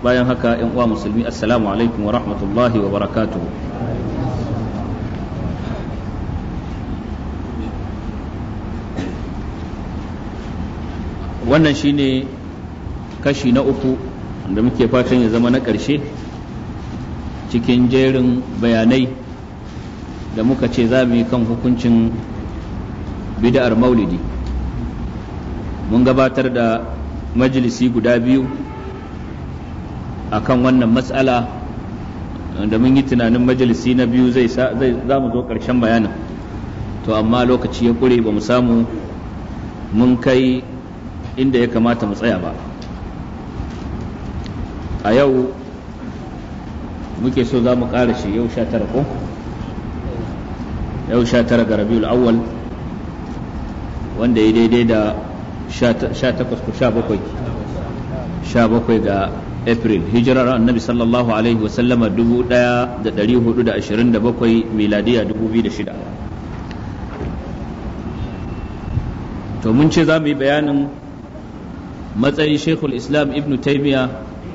bayan haka yan uwa musulmi assalamu alaikum wa rahmatullahi wa barakatuhu wannan shine kashi na uku da muke fatan ya zama na ƙarshe cikin jerin bayanai da muka ce za mu yi kan hukuncin bida'ar maulidi mun gabatar da majalisi guda biyu akan wannan matsala da mun yi tunanin majalisi na biyu zai za mu zo ƙarshen bayanin to amma lokaci ya ƙure ba mu samu mun kai inda ya kamata mu tsaya ba a yau muke so za mu ƙara shi yau sha tara ko yau sha tara ga rabiul awwal wanda ya daidai da sha takwas ko sha bakwai sha bakwai ga april hijirar annabi sallallahu alaihi wasallama 1427 miladiya 2006 to mun ce za mu yi bayanin matsayin shekul islam ibn taimiya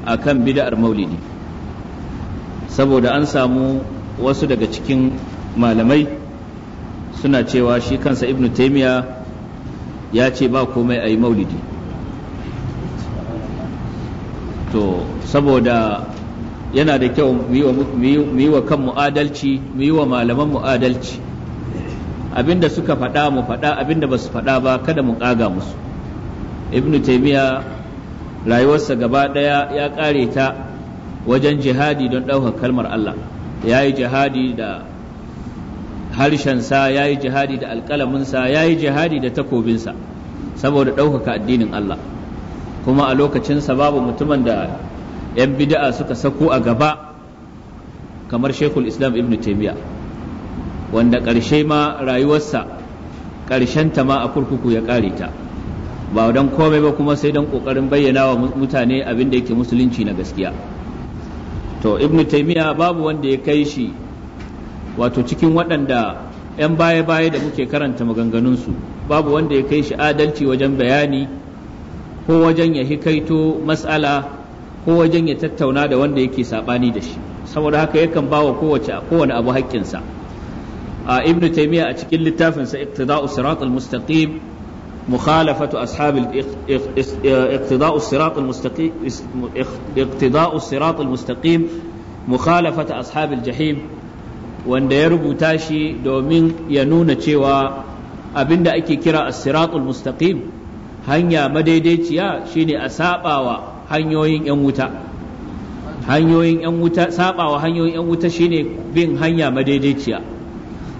a kan bida'ar maulidi saboda an samu wasu daga cikin malamai suna cewa shi kansa ibn taimiya ya ce ba komai a yi maulidi to saboda yana da kyau mu yi wa kan adalci mu yi wa malamanmu adalci abinda suka faɗa mu faɗa abinda ba su faɗa ba kada mu ƙaga musu ibnu taimiya rayuwarsa gaba ɗaya ya ƙare ta wajen jihadi don ɗaukar kalmar Allah ya yi jihadi da harshensa ya yi jihadi da alƙalaminsa ya yi jihadi da takobinsa saboda ɗaukaka addinin Allah kuma a lokacinsa babu mutumin da 'yan bid'a suka sako a gaba kamar shekul islam ibn taimiyya wanda ƙarshe ma rayuwarsa ta ma a kurkuku ya ƙare ta ba don komai ba kuma sai don ƙoƙarin bayyana wa mutane abin da yake musulunci na gaskiya to ibn taimiyya babu wanda ya kai shi wato cikin waɗanda 'yan baya-baya da muke karanta maganganunsu babu wanda ya kai shi adalci wajen bayani ko wajen ya hikaito mas'ala ko wajen ya tattauna da wanda yake sabani da shi saboda haka yakan bawa kowace kowane abu haƙƙinsa a ibn taymiya a cikin littafinsa sa iqtida'u mustaqim mukhalafatu ashabil iqtida'u siratal mustaqim mustaqim mukhalafatu ashabil jahim wanda ya rubuta shi domin ya nuna cewa abinda ake kira as-siratul mustaqim hanya madaidaiciya shine a sabawa hanyoyin yan wuta hanyoyin yan wuta sabawa hanyoyin yan wuta shine bin hanya madaidaiciya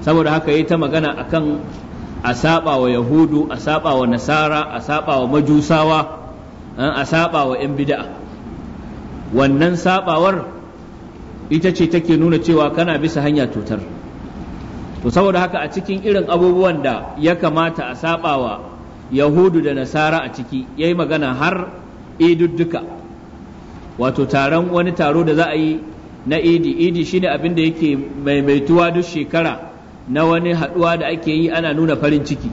saboda haka yayi ta magana akan a sabawa yahudu a sabawa nasara a sabawa majusawa eh, a sabawa yan bid'a wannan sabawar ita ce take nuna cewa kana bisa hanya tutar to saboda haka a cikin irin abubuwan da ya kamata a sabawa yahudu da nasara a ciki ya yi magana har idudduka wato taron wani taro da za a yi na idi idi shine abin da yake maimaituwa duk shekara na wani haɗuwa da ake yi ana nuna farin ciki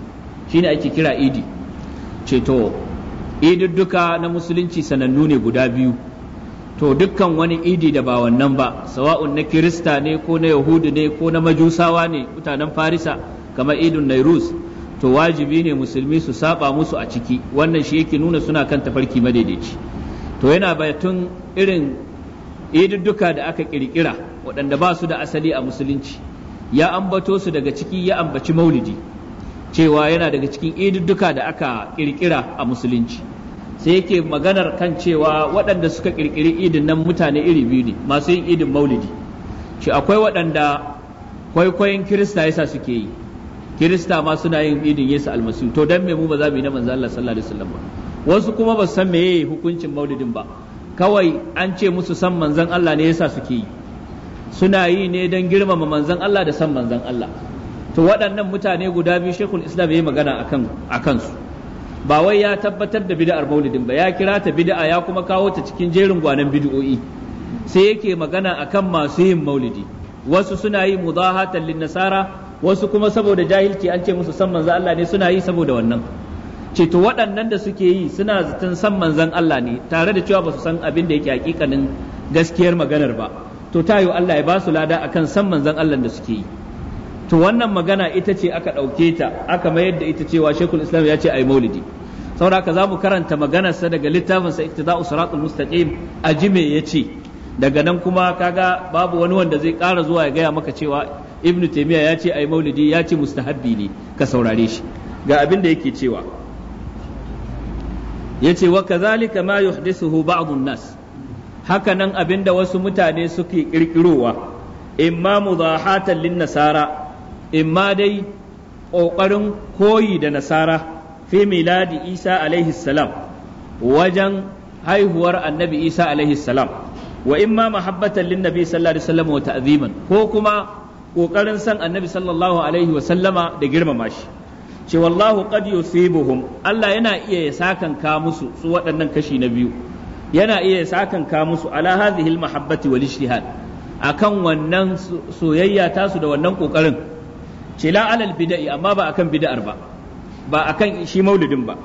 shine ake kira idi ceto idudduka na musulunci sanannu ne guda biyu to dukkan wani idi da ba wannan ba sawa'un na kirista ne ko na yahudu ne ko na majusawa ne mutanen farisa kamar idun nairus to wajibi ne musulmi su saba musu a ciki wannan shi yake nuna suna kan tafarki madaidaici to yana batun irin idudduka da aka kirkira waɗanda ba su da asali a musulunci ya ambato su daga ciki ya ambaci maulidi cewa yana daga cikin idudduka da aka kirkira a musulunci sai yake maganar kan cewa waɗanda suka kirkiri idin nan mutane iri biyu ne masu yin idin maulidi shi akwai waɗanda kwaikwayon kirista yasa suke yi kirista ma suna yin idin yesu almasu to dan me mu ba za mu yi na manzo Allah sallallahu alaihi wasallam ba wasu kuma ba san meye hukuncin maulidin ba kawai an ce musu san manzan Allah ne yasa suke yi suna yi ne don girmama manzon Allah da san manzon Allah to waɗannan mutane guda biyu shekul islam ya yi magana a kansu ba wai ya tabbatar da bid'ar maulidin ba ya kira ta bid'a ya kuma kawo ta cikin jerin gwanan bid'o'i sai yake magana akan masu yin maulidi wasu suna yi mudahatan lin nasara wasu kuma saboda jahilci an ce musu san manzan Allah ne suna yi saboda wannan ce to waɗannan da suke yi suna zaton san manzan Allah ne tare da cewa ba su san abin da yake hakikanin gaskiyar maganar ba to ta tayo Allah ya ba su lada akan san manzan Allah da suke yi to wannan magana ita ce aka ɗauke ta aka mayar da ita cewa shekul islam ya ce ai maulidi saboda ka za mu karanta maganarsa daga littafin littafinsa iktida'u siratul mustaqim a jime ya ce daga nan kuma kaga babu wani wanda zai ƙara zuwa ya gaya maka cewa ibnu taimiya ya ce ai maulidi ya ce mustahabbi ne ka saurare shi ga abin da yake cewa yace wa kazalika ma yuhdisuhu ba'dun nas haka nan abin da wasu mutane suke kirkirowa imma mudahatan lin nasara imma dai ƙoƙarin koyi da nasara fi miladi isa alaihi salam wajen haihuwar annabi isa alaihi salam wa imma mahabbatan lin nabi sallallahu alaihi wasallam wa ta'ziman ko kuma kokarin san annabi sallallahu alaihi wasallama da girmama shi ce wallahu qad yusibuhum Allah yana iya ya sakanka musu su waɗannan kashi na biyu yana iya ya sakanka musu ala hadhihi almahabbati wal ijtihad akan wannan soyayya tasu da wannan kokarin ce la alal bid'i amma ba akan bid'ar ba ba akan shi maulidin ba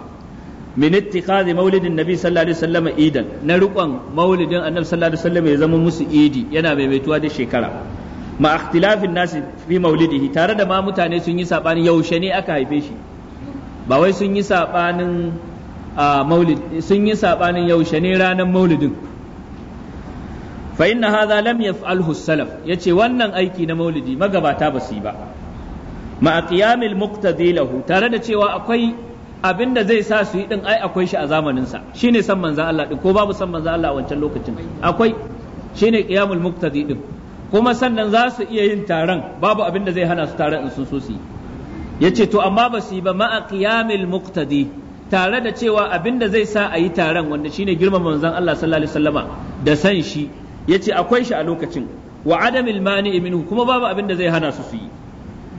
min ittikhadhi maulidin nabi sallallahu alaihi idan na riƙon maulidin annabi sallallahu alaihi ya zama musu idi yana maimaituwa da shekara ma ikhtilafin nasi fi maulidihi tare da ma mutane sun yi sabanin yaushe ne aka haife shi ba wai sun yi sabanin maulid sun yi sabanin yaushe ne ranar maulidin fa inna hadha lam yaf'alhu salaf yace wannan aiki na maulidi magabata ba su yi ba ma qiyamil muqtadi lahu tare da cewa akwai abin da zai sa su yi din ai akwai shi a zamanin sa shine san manzon Allah din ko babu san manzon Allah a wancan lokacin akwai shine qiyamul muqtadi din kuma sannan za su iya yin taron babu abin da zai hana su taron in sun so su ya ce to amma ba su yi ba ma'a qiyamil muqtadi tare da cewa abin da zai sa a yi taron wanda shine girman manzon Allah sallallahu alaihi wasallama da san shi ya ce akwai shi a lokacin wa adamil mani'i minhu kuma babu abin da zai hana su su yi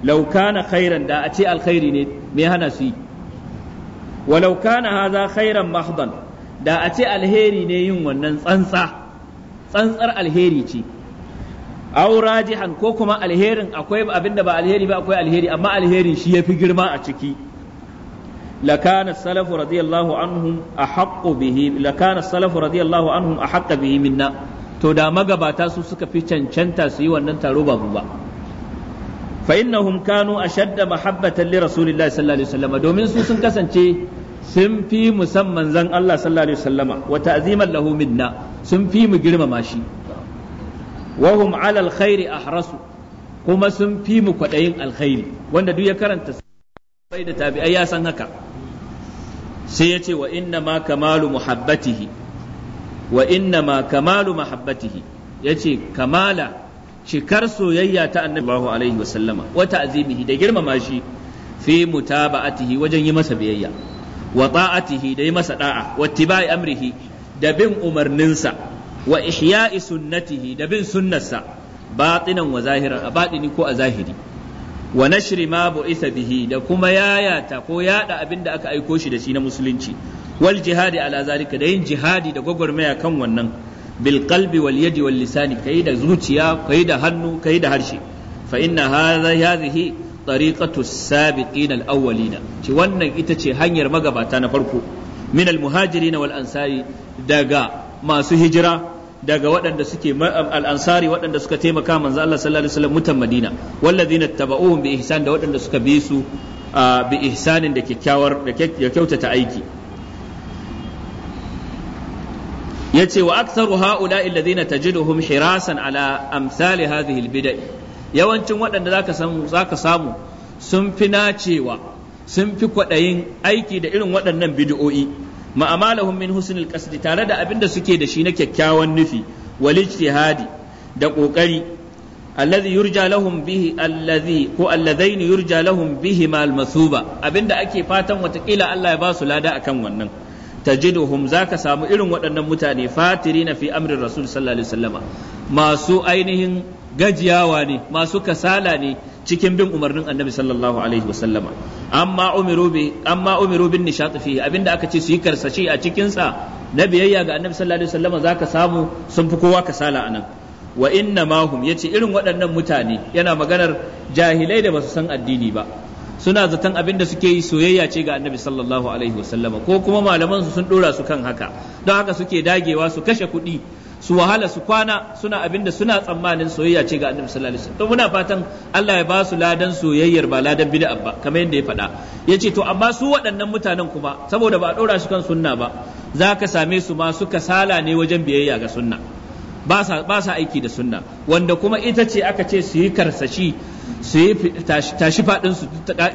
law kana khairan da a ce alkhairi ne me hana su yi walau kana haza khairan mahdan da a ce alheri ne yin wannan tsantsa tsantsar alheri ce aw rajihan ko kuma alherin akwai abinda ba alheri ba akwai alheri amma alherin shi yafi girma a ciki lakana salafu radiyallahu anhum ahaqqu bihi lakana salafu radiyallahu anhum bihi minna to da magabata su suka fi cancanta su yi wannan taro ba mu ba fa innahum kanu ashadda mahabbatan li rasulillahi sallallahu alaihi wasallam domin su sun kasance sun fi musamman zan Allah sallallahu alaihi wasallama wa ta'ziman lahu minna sun fi mu girmama shi wahum ala alkhairi ahrasu kuma sun fi mu kwaɗayin alkhairi wanda duk ya karanta sai da tabi'ai ya san haka sai ya ce wa inna ma kamalu muhabbatihi wa inna ma kamalu muhabbatihi ya ce kamala cikar soyayya ta annabi sallallahu alaihi wasallama wa ta'zimihi da girmama shi fi mutaba'atihi wajen yi masa biyayya wa ta'atihi da yi masa da'a wa tibai amrihi da bin umarninsa wa ihya'i sunnatihi da bin sunnarsa batinan wa zahiran a batini ko a zahiri wa nashri ma bu'itha bihi da kuma yata ko yada abin da aka aiko shi da shi na musulunci wal jihadi ala zalika da yin jihadi da gwagwarmaya kan wannan bil qalbi wal yadi wal lisani kai da zuciya kai da hannu kai da harshe fa inna hadha hadhihi tariqatu sabiqin al awwalina ci wannan ita ce hanyar magabata na farko minal al muhajirin wal ansari daga masu hijira daga waɗanda suke al-ansari waɗanda suka taimaka manzo Allah sallallahu alaihi wasallam mutan Madina walladhina tabauhum bi ihsan da waɗanda suka bi su bi ihsanin da kyakkyawar da kyautata aiki yace wa aktharu haula alladhina tajiduhum hirasan ala amsali hadhihi al yawancin waɗanda zaka samu zaka samu sun fi nacewa sun fi kwaɗayin aiki da irin waɗannan bid'o'i ma amalahum min husnil qasd tare da abin da suke da shi na kyakkyawan nufi wal ijtihadi da kokari alladhi yurja lahum bihi alladhi ko alladhaini yurja lahum bihi mal masuba abinda ake fatan watakila Allah ya ba su lada akan wannan tajiduhum zaka samu irin waɗannan mutane fatirina fi amrin rasul sallallahu alaihi wasallama masu ainihin gajiyawa ne masu kasala ne cikin bin umarnin annabi sallallahu alaihi wasallama amma umiru bi amma umiru bin nishat fi abinda aka ce su yi karsashi a cikin sa na biyayya ga annabi sallallahu alaihi wasallama zaka samu sun fi kowa kasala anan wa inna ma hum yace irin waɗannan mutane yana maganar jahilai da basu san addini ba suna zaton abinda suke yi soyayya ce ga annabi sallallahu alaihi wasallama ko kuma malaman su sun dora su kan haka don haka suke dagewa su kashe kuɗi su wahala su kwana suna abinda suna tsammanin soyayya ce ga annabi sallallahu alaihi wasallam to muna fatan Allah ya ba su ladan soyayyar ba ladan bid'a ba kamar yadda ya faɗa yace to amma su waɗannan mutanen kuma saboda ba a ɗora shi kan sunna ba zaka same su ma suka sala ne wajen biyayya ga sunna ba sa aiki da sunna wanda kuma ita ce aka ce su yi karsashi su yi tashi fadin su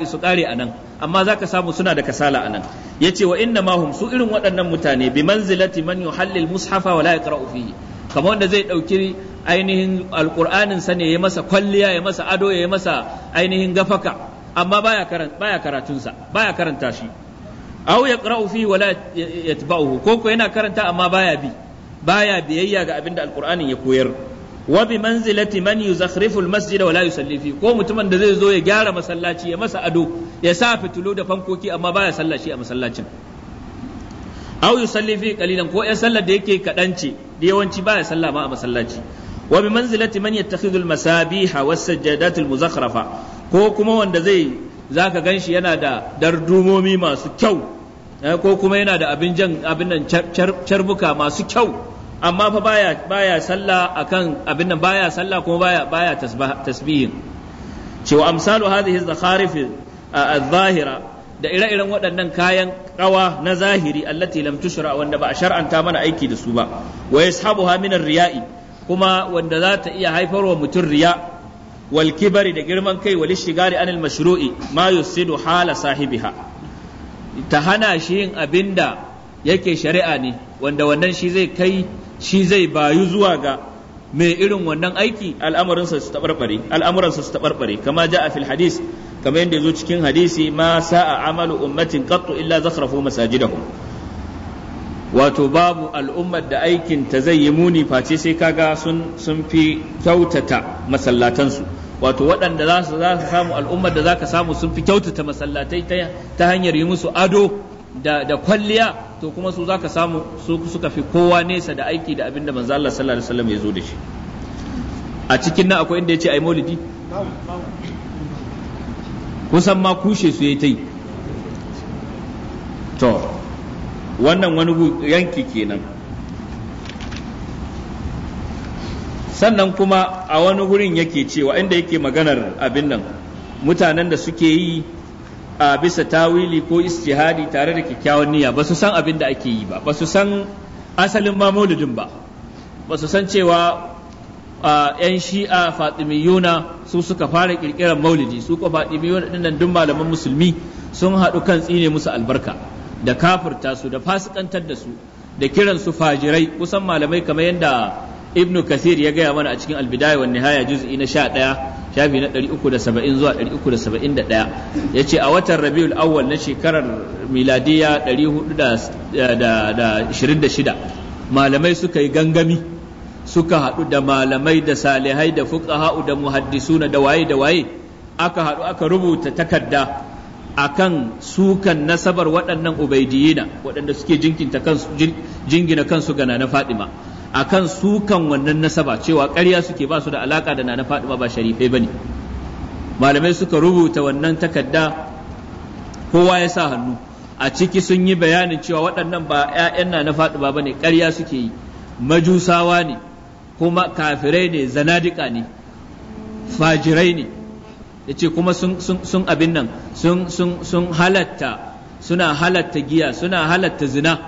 su kare a nan amma zaka samu suna da kasala a nan yace wa inna mahum su irin waɗannan mutane bi manzilati man yuhallil mushafa wa la yaqra'u fihi kamar wanda zai ɗauki ainihin alƙur'anin sa ne ya masa kwalliya ya masa ado ya masa ainihin gafaka amma baya karan baya karatunsa baya karanta shi aw yaqra'u fihi wa la yatba'uhu ko ko yana karanta amma baya bi baya biyayya ga abinda alƙur'anin ya koyar Wabi bi manzilati man yuzakhrifu almasjid wa la yusalli fi ko mutumin da zai zo ya gyara masallaci ya masa ado ya sa fitilu da fankoki amma baya sallah shi a masallacin aw yusalli fi qalilan ko ya sallar da yake kadanci da yawanci baya sallah ma a masallaci wa bi manzilati man yattakhidhu almasabiha was sajadat almuzakhrafa ko kuma wanda zai zaka ganshi yana da dardumomi masu kyau eh, ko kuma yana da abin jan abin nan carbuka masu kyau amma fa baya baya sallah akan abin nan baya sallah kuma baya baya tasbihin cewa amsalu hadhihi zakharif az-zahira da ire-iren waɗannan kayan kawa na zahiri allati lam tushra wanda ba a shar'anta mana aiki da su ba wa yashabuha min riya'i kuma wanda za ta iya haifarwa mutum riya wal kibari da girman kai wal shigari anil mashru'i ma yusidu hala sahibiha ta hana shi yin abinda yake shari'a ne wanda wannan shi zai kai shi zai bayu zuwa ga mai irin wannan aiki al'amuransa su taɓarɓare. al'amuransa su taɓarɓare, kama ja'a fil hadis kama yadda zo cikin hadisi ma sa'a amalu ummatin qattu illa zakhrafu masajidahum wato babu al'ummar da aikin ta zai yi muni face sai kaga sun sun fi kyautata masallatansu wato waɗanda za su samu al'ummar da za ka samu sun fi kyautata masallatai ta hanyar yi musu ado da kwalliya to kuma su zaka samu su suka fi kowa nesa da aiki da abinda manzo Allah sallallahu alaihi wasallam ya zo da shi a cikin nan akwai inda yace ai maulidi kusan ma kushe su yayi tai to wannan wani yanki kenan sannan kuma a wani gurin yake cewa inda yake maganar abin nan mutanen da suke yi a bisa tawili ko istihadi tare da kyakkyawan niyya ba su san abin da ake yi ba ba su san asalin ma mauludin ba ba su san cewa yan shi'a fatimiyuna su suka fara kirkirar maulidi su ko fatimiyuna dinnan duk malaman musulmi sun haɗu kan tsine musu albarka da kafirta su da fasikantar da su da kiran su fajirai kusan malamai kamar yadda ibnu kasir ya gaya mana a cikin albidaya wa nihaya juz'i na 11 shafi na 370 zuwa 371 yace a watan rabiul awwal na shekarar miladiya 426 malamai suka yi gangami suka haɗu da malamai da salihai da fuqaha'u da muhaddisuna da waye da waye aka haɗu aka rubuta takarda akan sukan nasabar waɗannan ubaidiyina waɗanda suke jingina kansu gana na Fadima. akan sukan wannan nasaba cewa ƙarya suke ba su da alaka da nana faɗuwa ba sharifai ne. malamai suka rubuta wannan takarda kowa ya sa hannu a ciki sun yi bayanin cewa waɗannan ba 'ya'yan na na faɗi ba ne ƙarya suke yi majusawa ne kuma kafirai ne zanadika ne fajirai ne ya ce kuma sun abin nan sun halatta suna halatta giya suna halatta zina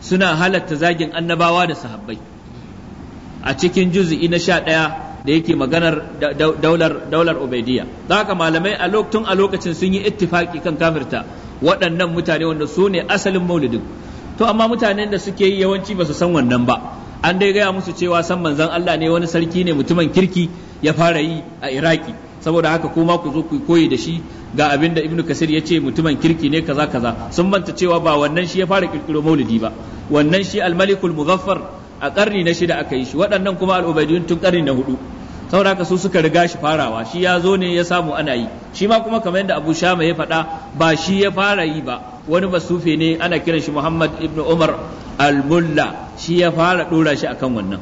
suna halatta zagin annabawa da sahabbai a cikin juz'i na sha ɗaya da yake maganar daular daular za ka malamai a tun a lokacin sun yi ittifaki kan kafirta waɗannan mutane wanda su ne asalin maulidin to amma mutanen da suke yi yawanci ba su san wannan ba an dai gaya musu cewa san manzan Allah ne wani sarki ne mutumin kirki ya fara yi a Iraki saboda haka kuma ku zo ku koyi da shi ga abin da Ibn Kasir ya ce mutumin kirki ne kaza kaza sun manta cewa ba wannan shi ya fara kirkiro maulidi ba wannan shi al-Malikul Muzaffar a ƙarni na shida aka yi shi waɗannan kuma al'ubadiyun tun ƙarni na hudu saboda haka su suka riga shi farawa shi ya zo ne ya samu ana yi shi ma kuma kamar yadda Abu Shama ya faɗa ba shi ya fara yi ba wani basufe ne ana kiran shi Muhammad ibn Umar al-Mulla shi ya fara ɗora shi akan wannan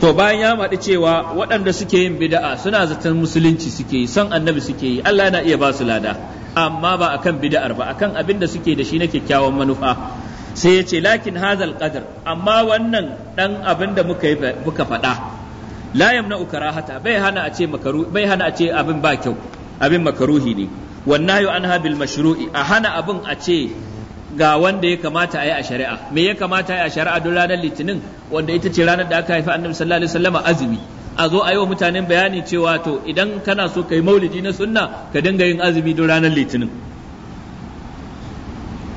to bayan ya maɗi cewa waɗanda suke yin bida'a suna zaton musulunci suke yi son annabi suke yi Allah yana iya ba su lada amma ba a kan bida'ar ba kan abin da suke da shi na kyakkyawan manufa sai ya ce lakin hazal qadar amma wannan ɗan abin da muka yi muka faɗa la na ukarahata bai hana a bai hana a ce abin ba kyau abin makaruhi ne wannan anha bil mashru'i a hana abin a ce ga wanda ya kamata a yi a shari'a me ya kamata a yi a shari'a don ranar litinin wanda ita ce ranar da aka haifi annabi sallallahu alaihi wasallama azumi a zo a yi wa mutanen bayani cewa to idan kana so ka yi maulidi na sunna ka dinga yin azumi don ranar litinin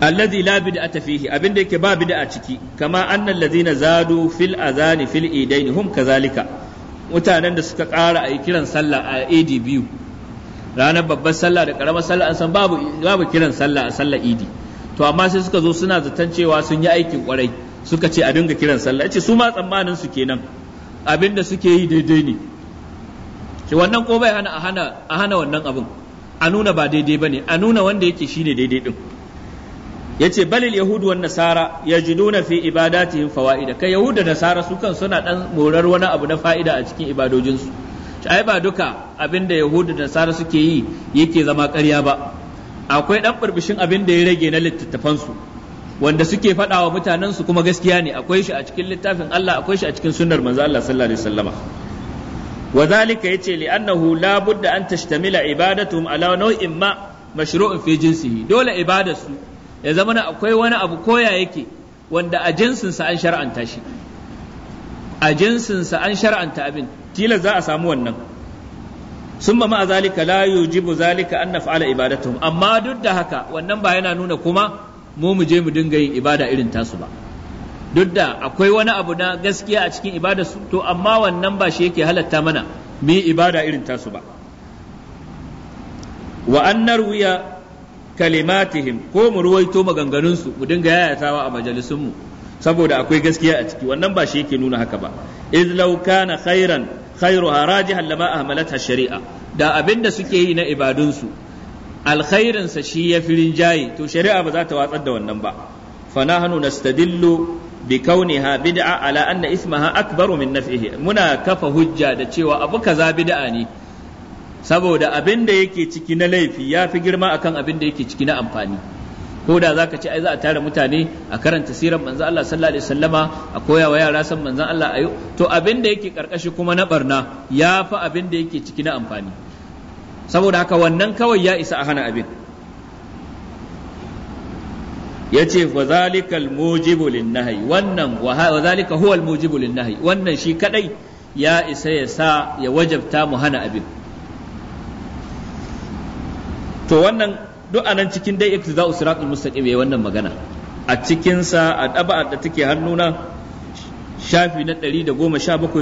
allazi la tafihi fihi da yake ba a ciki kama annal ladina zadu fil azani fil idaini hum kazalika mutanen da suka ƙara a yi kiran sallah a idi biyu ranar babbar sallah da karamar sallah an san babu babu kiran sallah a sallah idi to amma sai suka zo suna zaton cewa sun yi aikin kwarai suka ce a dinga kiran sallah ce su ma tsammanin su kenan abin da suke yi daidai ne shi wannan ko bai hana a hana wannan abin a nuna ba daidai ba ne a nuna wanda yake shine daidai din ya ce balil yahudu wan nasara ya nuna fi ibadatihim fawaida kai yahudu da nasara su kan suna dan morar wani abu na fa'ida a cikin ibadojinsu ai ba duka abin da yahudu da nasara suke yi yake zama ƙarya ba akwai dan burbushin abin da ya rage na littattafansu wanda suke faɗa wa mutanen su kuma gaskiya ne akwai shi a cikin littafin Allah akwai shi a cikin sunnar manzo Allah sallallahu alaihi wasallama wa yace li annahu la budda an tashtamila ibadatuhum ala naw'in ma mashru'un fi jinsihi dole su ya zama akwai wani abu koya yake wanda a jinsin sa an shar'anta shi a jinsin sa an shar'anta abin tilas za a samu wannan summa ma zalika la yujibu zalika an naf'ala ibadatuhum amma duk da haka wannan ba yana nuna kuma mu mu je mu dinga yin ibada irin tasu ba duk da akwai wani abu na gaskiya a cikin ibada su to amma wannan ba shi yake halatta mana mu yi ibada irin tasu ba wa an narwiya kalimatihim ko mu ruwaito maganganunsu mu dinga yayatawa a majalisunmu saboda akwai gaskiya a ciki wannan ba shi yake nuna haka ba iz law kana khairan khairuha rajihan lama ahmalatha shari'a da abinda suke yi na ibadunsu alkhairinsa shi ya fi rinjaye, to shari'a ba za ta watsar da wannan ba fa nahnu nastadillu bi kauniha bid'a ala anna ismaha akbaru min naf'ihi muna kafa hujja da cewa abu kaza bid'a ne saboda abin da yake ciki na laifi ya fi girma akan abin da yake ciki na amfani ko da za ka ce ai za a tara mutane a karanta sirar manzan Allah sallallahu alaihi wasallama a koya wa yara san manzan Allah ayo to abin da yake karkashi kuma na barna ya fi abin da yake ciki na amfani saboda haka wannan kawai ya isa a hana abin ya ce wa zalika almujibu linnahi wannan wa huwa almujibu linnahi wannan shi kadai ya isa ya sa ya wajabta mu hana abin to wannan duk anan cikin dai iktiza'u siratul mustaqim yayi wannan magana a cikinsa a daba'a da take hannuna shafi na 117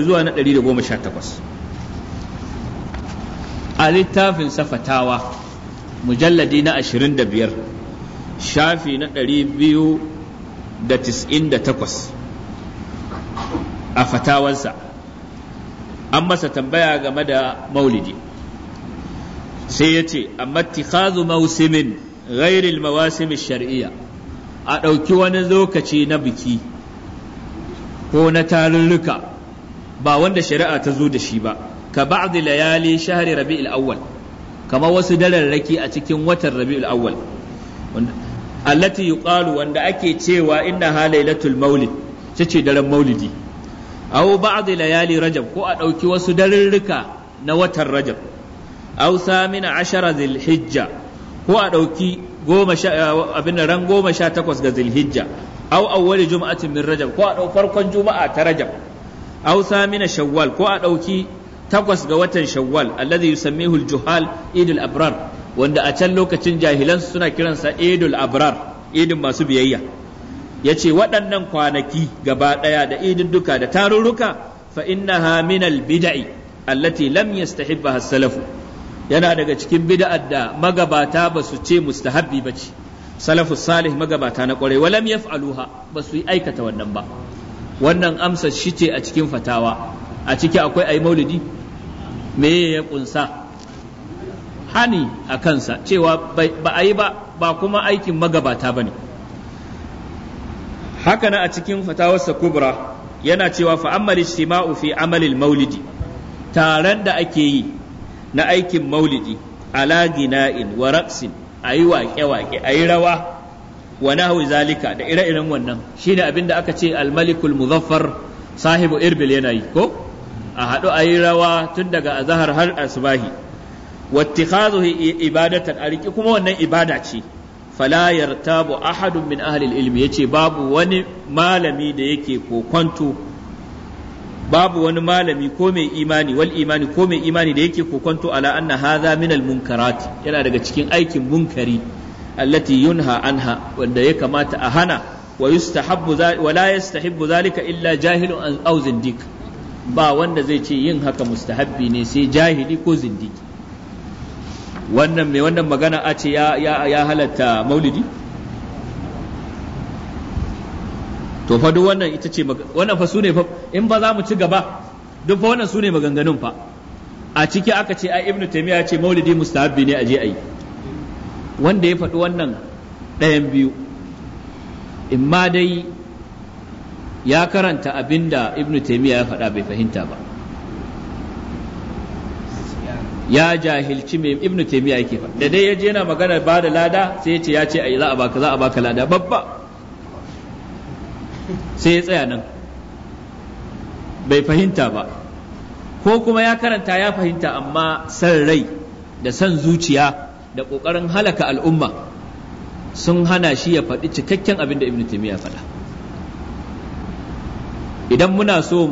zuwa na 118 a littafin safatawa mujalladi na 25 shafi na 298 a fatawansa an masa tambaya game da maulidi sai ya ce amma tikhazu mausimin ghairil mawasim shar'iyya a ɗauki wani lokaci na biki ko na tarurruka ba wanda shari'a ta zo da shi ba ka ba'd layali shahri Rabi'u awwal kamar wasu dararraki a cikin watan rabi'ul awwal allati yuqalu wanda ake cewa inna ha lailatul maulid tace daren maulidi aw ba'd layali rajab ko a dauki wasu darurruka na watan rajab aw samina ashara dhilhijja ko a dauki eh, ran goma sha takwas ga dhilhijja aw awwali jum'atin min rajab ko a dau farkon juma'a ta rajab aw samina shawwal ko a ɗauki. takwas ga watan shawwal alladhi yusammihu al-juhal idul abrar wanda a can lokacin jahilan suna kiransa idul abrar idin masu biyayya yace waɗannan kwanaki gaba ɗaya da idudduka da tarurruka fa innaha min al-bid'i allati lam yastahibbaha as yana daga cikin bid'ar da magabata ba su ce mustahabbi ba ce salafus salih magabata na wa walam yaf'aluha ba su yi aikata wannan ba wannan amsa shi ce a cikin fatawa a ciki akwai ayi maulidi me ya kunsa hani a kansa cewa ba a yi ba ba kuma aikin magabata ba ne haka a cikin fatawarsa kubra yana cewa fa ammal fi amalil maulidi taron da ake yi na aikin maulidi ala gina'in wa a ayi waƙe waƙe ayi rawa wa nahwi zalika da ire-iren wannan shine abin da aka ce almalikul muzaffar sahibu irbil yana yi ko a haɗu a yi rawa tun daga azahar har asbahi wattikhazuhu ibadata a riki kuma wannan ibada ce fala yartabu ahadun min ahli ilmi yace babu wani malami da yake kokonto babu wani malami ko mai imani wal imani ko mai imani da yake kokonto ala anna hadha min al munkarat yana daga cikin aikin munkari allati yunha anha wanda ya kamata a hana wa yustahabbu wa yastahibbu zalika illa jahilun aw ba wanda zai ce yin haka mustahabbi ne sai jahili ko zindiki wannan mai wannan magana a ce ya halatta maulidi to fa duk wannan ita ce wannan fa sune fa in ba za mu ci gaba duk fa wannan sune maganganun fa a ciki aka ce ai ibnu taymiya ce maulidi mustahabbi ne a je ayi wanda ya faɗi wannan ɗayan biyu imma dai ya karanta abinda ibnu taymiya ya faɗa bai fahimta ba ya jahilci mai ibnu taymiya yake faɗa da dai yaje yana magana ba da lada sai ya ce ya ce ai za a baka za a baka lada babba sai ya tsaya nan bai fahimta ba ko kuma ya karanta ya fahimta amma san rai da san zuciya da ƙoƙarin halaka al'umma sun hana shi ya faɗi cikakken abin da ibnu taymiya faɗa idan muna so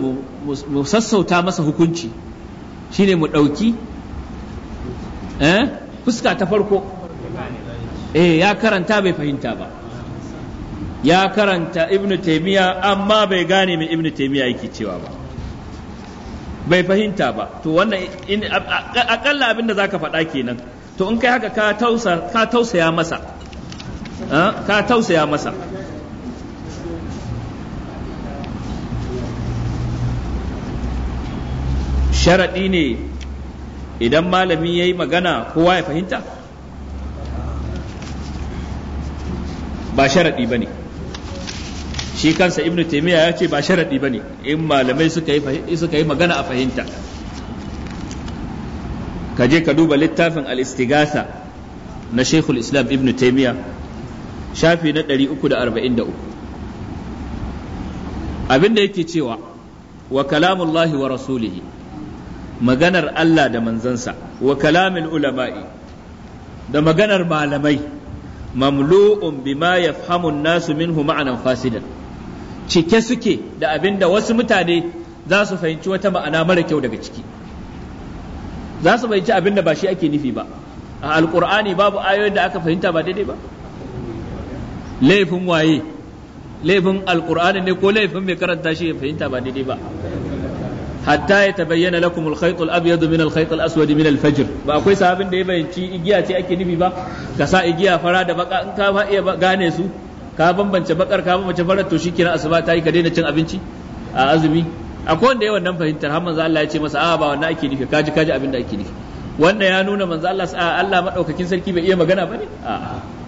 mu sassauta masa hukunci shine mu ɗauki eh, fuska ta farko eh ya karanta bai fahimta ba ya karanta ibn taimiyya amma bai gane mai ibnu taimiya yake cewa ba bai fahimta ba to wannan akalla abin da ka faɗa kenan to in kai haka ka tausaya masa ka tausaya masa eh, sharaɗi ne idan malami ya yi magana kowa ya fahimta ba sharaɗi ba ne shi kansa Ibn taimiyya ya ce ba sharaɗi ba ne in malamai suka yi magana a fahimta ka je ka duba littafin al-istighatha na Sheikhul Islam Ibn Taimiyya shafi na 343 abinda yake cewa wa kalamullahi wa rasulihi maganar Allah da manzansa wa kalamin ulama'i da maganar malamai mamlu'un bima yafhamun nasu minhu ma'anan fasidan cike suke da abinda wasu mutane za su fahimci wata ma'ana mara kyau daga ciki za su fahimci abin da ba shi ake nufi ba a alkur'ani babu ayoyin da aka fahimta ba daidai ba laifin waye laifin alkur'ani ne ko laifin mai karanta shi ya fahimta ba daidai ba hatta ya tabayyana lakum al-khayt al-abyad min al-khayt al-aswad min al-fajr ba akwai sahabin da ya bayanci igiya ce ake nufi ba ka sa igiya fara da baka in ka ba iya gane su ka bambance bakar ka bambance farar to shikenan asuba ta yi ka daina cin abinci a azumi akwai wanda yawan wannan fahimtar har manzo Allah ya ce masa a ba wannan ake nufi kaji kaji abin da ake nufi Wannan ya nuna manzo Allah Allah madaukakin sarki bai iya magana bane a'a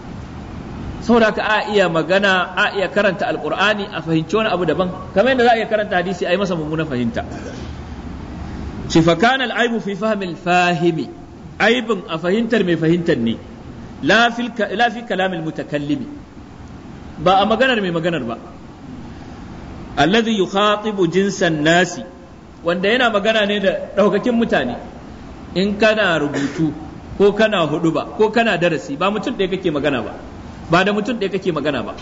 saboda haka a iya magana a iya karanta alkur'ani a fahimci wani abu daban kamar yadda za a iya karanta hadisi a yi masa mummunan fahimta shi fakanal aibu fi fahimil fahimi aibin a fahimtar mai fahimtar ne Lafi kalamin kalamil mutakallimi ba a maganar mai maganar ba alladhi yukhatibu jinsan nasi wanda yana magana ne da daukakin mutane in kana rubutu ko kana huduba ko kana darasi ba mutum ɗaya kake magana ba ba da mutum ɗaya kake magana ba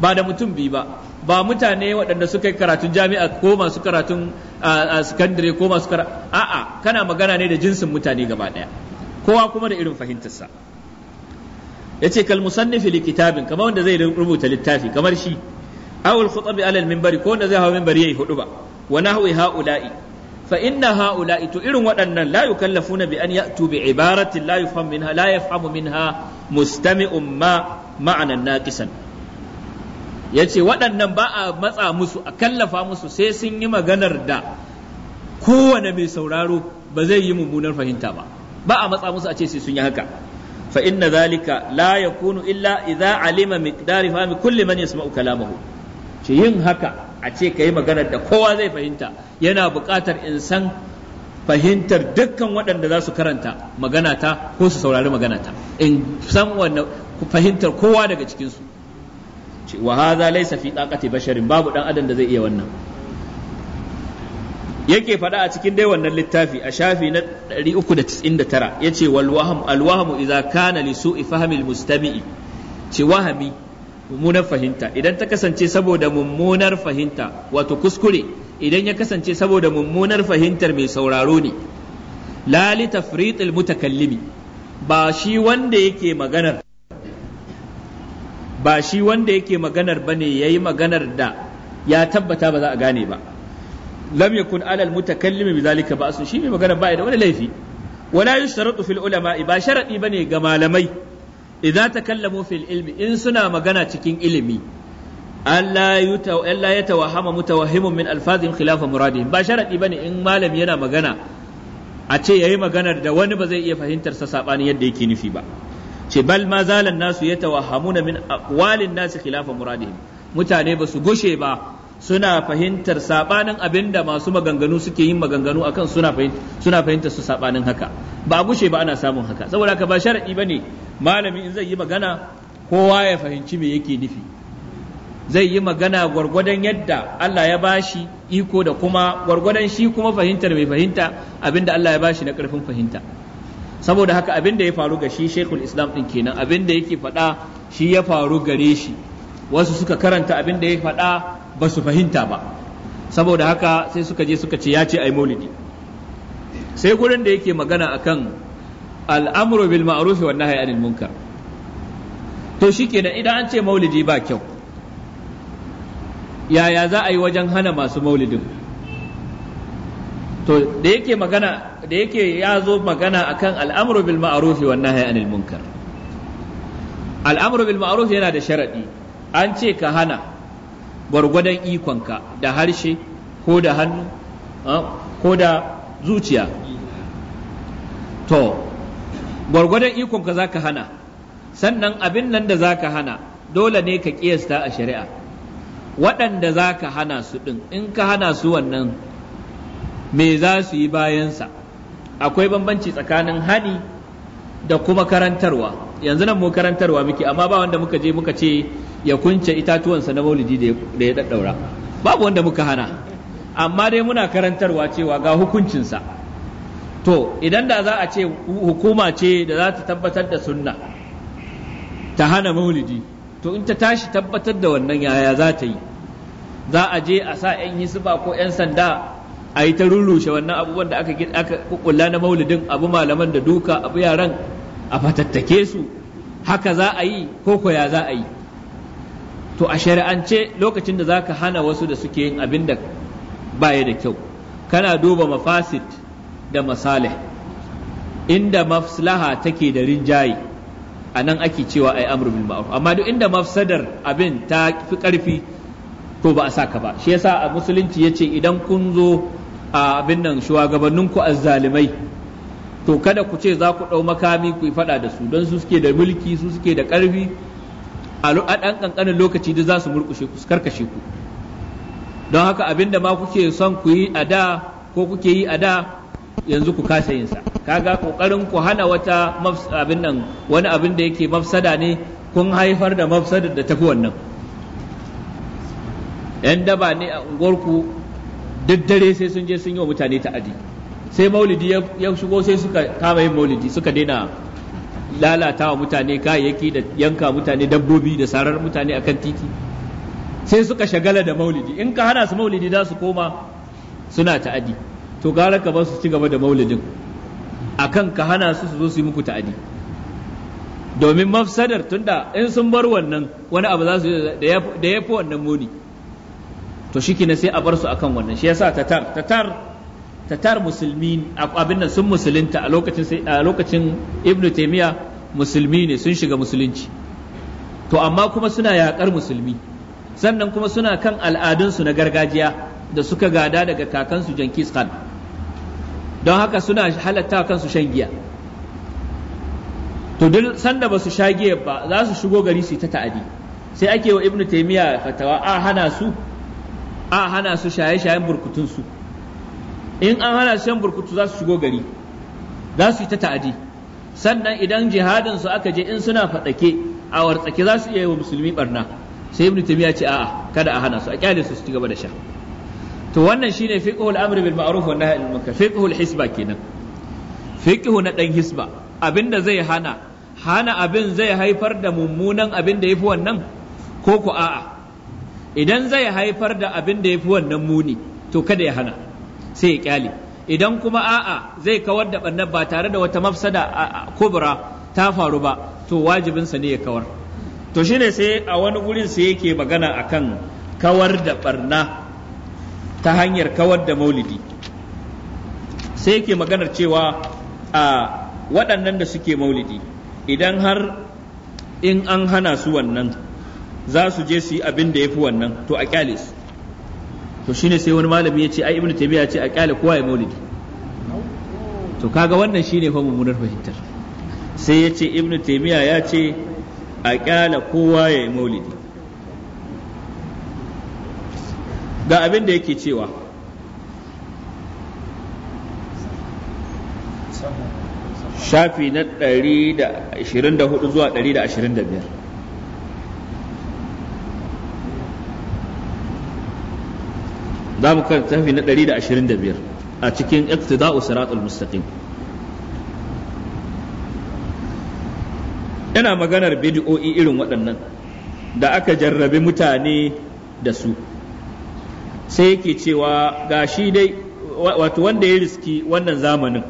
ba da mutum biyu ba ba mutane waɗanda suka yi karatun jami'a ko masu karatun sakandare ko masu karatun a'a kana magana ne da jinsin mutane gaba ɗaya kowa kuma da irin fahimtarsa yace kal musannifi li kitabin kamar wanda zai rubuta littafi kamar shi awul al khutabi ala minbari ko wanda zai hawa minbari yayi hudu ba wa nahwi haula'i fa inna haula'i to irin waɗannan la yukallafuna bi an ya'tu bi ibaratin la yafhamu minha la yafhamu minha mustami'un ma ma'anan naqisan yace waɗannan ba a matsa musu a kallafa musu sai sun yi maganar da kowane mai sauraro ba zai yi mummunar fahimta ba ba a matsa musu a ce sai sun yi haka fa inna zalika la yakunu illa idza alima miqdari fahmi kulli man yasma'u kalamahu ce yin haka a ce kai maganar da kowa zai fahimta yana buƙatar in san fahimtar dukkan waɗanda za su karanta maganata ko su saurari maganata in san wannan fahimtar kowa daga cikinsu. wa hadha laysa fi taqati basharin babu dan adam da zai iya wannan yake faɗa a cikin dai wannan littafi a shafi na 399 yace wal waham al wahamu idza kana li su'i fahmi al mustami'i ce wahami mummunar fahimta idan ta kasance saboda mummunar fahimta wato kuskure idan ya kasance saboda mummunar fahimtar mai sauraro ne la li tafritil mutakallimi ba shi wanda yake maganar ba shi wanda yake maganar bane yayi maganar da ya tabbata ba za a gane ba lam yakun alal mutakallimi bizalika ba shi mai maganar ba da wani laifi wala yushtaratu fil ulama ba sharadi bane ga malamai idza takallamu fil ilmi in suna magana cikin ilimi Allah ya tawahama mutawahhimun min alfazin khilafa muradin ba sharadi bane in malami yana magana a ce yayi maganar da wani ba zai iya fahimtar sa yadda yake nufi ba ce bal ma zalan nasu yatawahamuna min aqwalin nasu khilafa muradihim mutane ba su gushe ba suna fahimtar sabanin abinda masu maganganu suke yin maganganu akan suna suna fahimtar su sabanin haka ba gushe ba ana samun haka saboda haka ba sharadi bane malami in zai yi magana kowa ya fahimci me yake nufi zai yi magana gwargwadon yadda Allah ya bashi iko da kuma gwargwadon shi kuma fahimtar mai fahimta abinda Allah ya bashi na karfin fahimta saboda haka abinda ya faru ga shi shekul Islam ɗin kenan abinda yake faɗa shi ya faru gare shi wasu suka karanta abinda ya faɗa ba su fahimta ba saboda haka sai suka je suka ce ya ce ai maulidi sai gurin da yake magana akan al'amru bil ma'ruf wan nahyi anil munkar to shikenan idan an ce maulidi ba kyau yaya za a yi wajen hana masu maulidin to da yake magana da yake ya zo magana akan al'amru bil ma'ruf wa nahyi anil munkar al'amru bil ma'ruf yana da sharadi an ce ka hana gwargwadon ikonka da harshe ko da hannu ko da zuciya to gwargwadon ikonka za ka hana sannan abin nan da za ka hana dole ne ka kiyasta a shari'a waɗanda za ka hana su ɗin in ka hana su wannan me za su yi bayansa akwai bambanci tsakanin hani da kuma karantarwa yanzu nan mu karantarwa muke amma ba wanda muka je muka ce ya kunce itatuwansa na maulidi da ya daddaura babu wanda muka hana amma dai muna karantarwa cewa ga hukuncinsa to idan da za a ce hukuma ce da za ta tabbatar da sunna ta hana maulidi to in ta tashi tabbatar da wannan yaya za ta yi za a je a sa 'yan hisba ko 'yan sanda a yi ta rurrushe wannan abubuwan da aka kukula na maulidin abu malaman da duka abu yaran a fatattake su haka za a yi ko koya za a yi to a shari'ance lokacin da za ka hana wasu da suke yin abin da baya da kyau kana duba mafasid da masalih inda maslaha take da rinjaye a nan ake cewa ai amru bil ma'ruf amma duk inda mafsadar abin ta fi karfi to ba a saka ba shi yasa a musulunci ce idan kun zo a abin nan shugabanninku azzalimai to kada ku ce za ku ɗau makami ku faɗa da su don su suke da mulki su suke da ƙarfi a ɗan ƙanƙanin lokaci da za su murƙushe ku su karkashe ku don haka abin da ma kuke son ku yi a da ko kuke yi a da yanzu ku kasa yin sa kaga kokarin ku hana wata abin nan wani abin da yake mafsada ne kun haifar da mafsadar da tafi wannan yan daba ne a unguwarku daddare sai sun je sun yi wa mutane ta'adi sai maulidi ya shigo sai suka kama yin maulidi suka daina lalata wa mutane kayayyaki da yanka mutane dabbobi da sarar mutane akan titi sai suka shagala da maulidi in ka hana su maulidi za su koma suna ta'adi to gara ka ba su ci gaba da maulidin akan ka hana su su zo su yi muku ta'adi domin mafsadar tunda in sun bar wannan wani abu za su da ya fi wannan muni to shi kina sai a bar su akan wannan shi yasa tatar tatar tatar musulmi abin nan sun musulunta a lokacin a lokacin ibnu taymiya musulmi ne sun shiga musulunci to amma kuma suna yaƙar musulmi sannan kuma suna kan al'adunsu na gargajiya da suka gada daga kakansu Jankis Khan don haka suna halatta kansu shan giya to duk sanda ba su sha giya ba za su shigo gari su ta ta'adi sai ake wa ibnu taymiya fatawa a hana su a hana su shaye-shayen burkutun su in an hana su shan burkutu za su shigo gari za su yi ta ta'adi sannan idan jihadin su aka je in suna fadake a wartsake za su iya yi wa musulmi barna sai ibnu taymiya ce a'a kada a hana su a kyale su su ci gaba da sha to wannan shine fiqhul amri bil ma'ruf wa nahyi anil munkar fiqhul hisba kenan fiqhu na dan hisba abinda zai hana hana abin zai haifar da mummunan abin da yafi wannan ko ku a'a idan zai haifar da abin da yafi wannan muni to kada ya hana sai ya kyale idan kuma a'a zai kawar da bannan ba tare da wata mafsada kubra ta faru ba to wajibinsa ne ya kawar to shine sai a wani gurin sai yake magana akan kawar da barna ta hanyar kawar da maulidi sai ke maganar cewa a waɗannan da suke maulidi idan har in an hana su wannan za su je su yi abin da ya fi wannan to a kyale su to shine sai wani malami ya ce ai ibnu taymiya ce a kyale kowa ya maulidi to kaga wannan shine fa mummunar fahimtar sai ya ce ibnu taymiya ya ce a kyale kowa ya yi maulidi ga abin da yake cewa shafi na 124 zuwa 125 za mu kan shafi na 125 a cikin iktida'u siratul mustaqim yana maganar bid'o'i irin waɗannan da aka jarrabi mutane da su sai yake cewa ga shi dai wato wanda ya riski wannan zamanin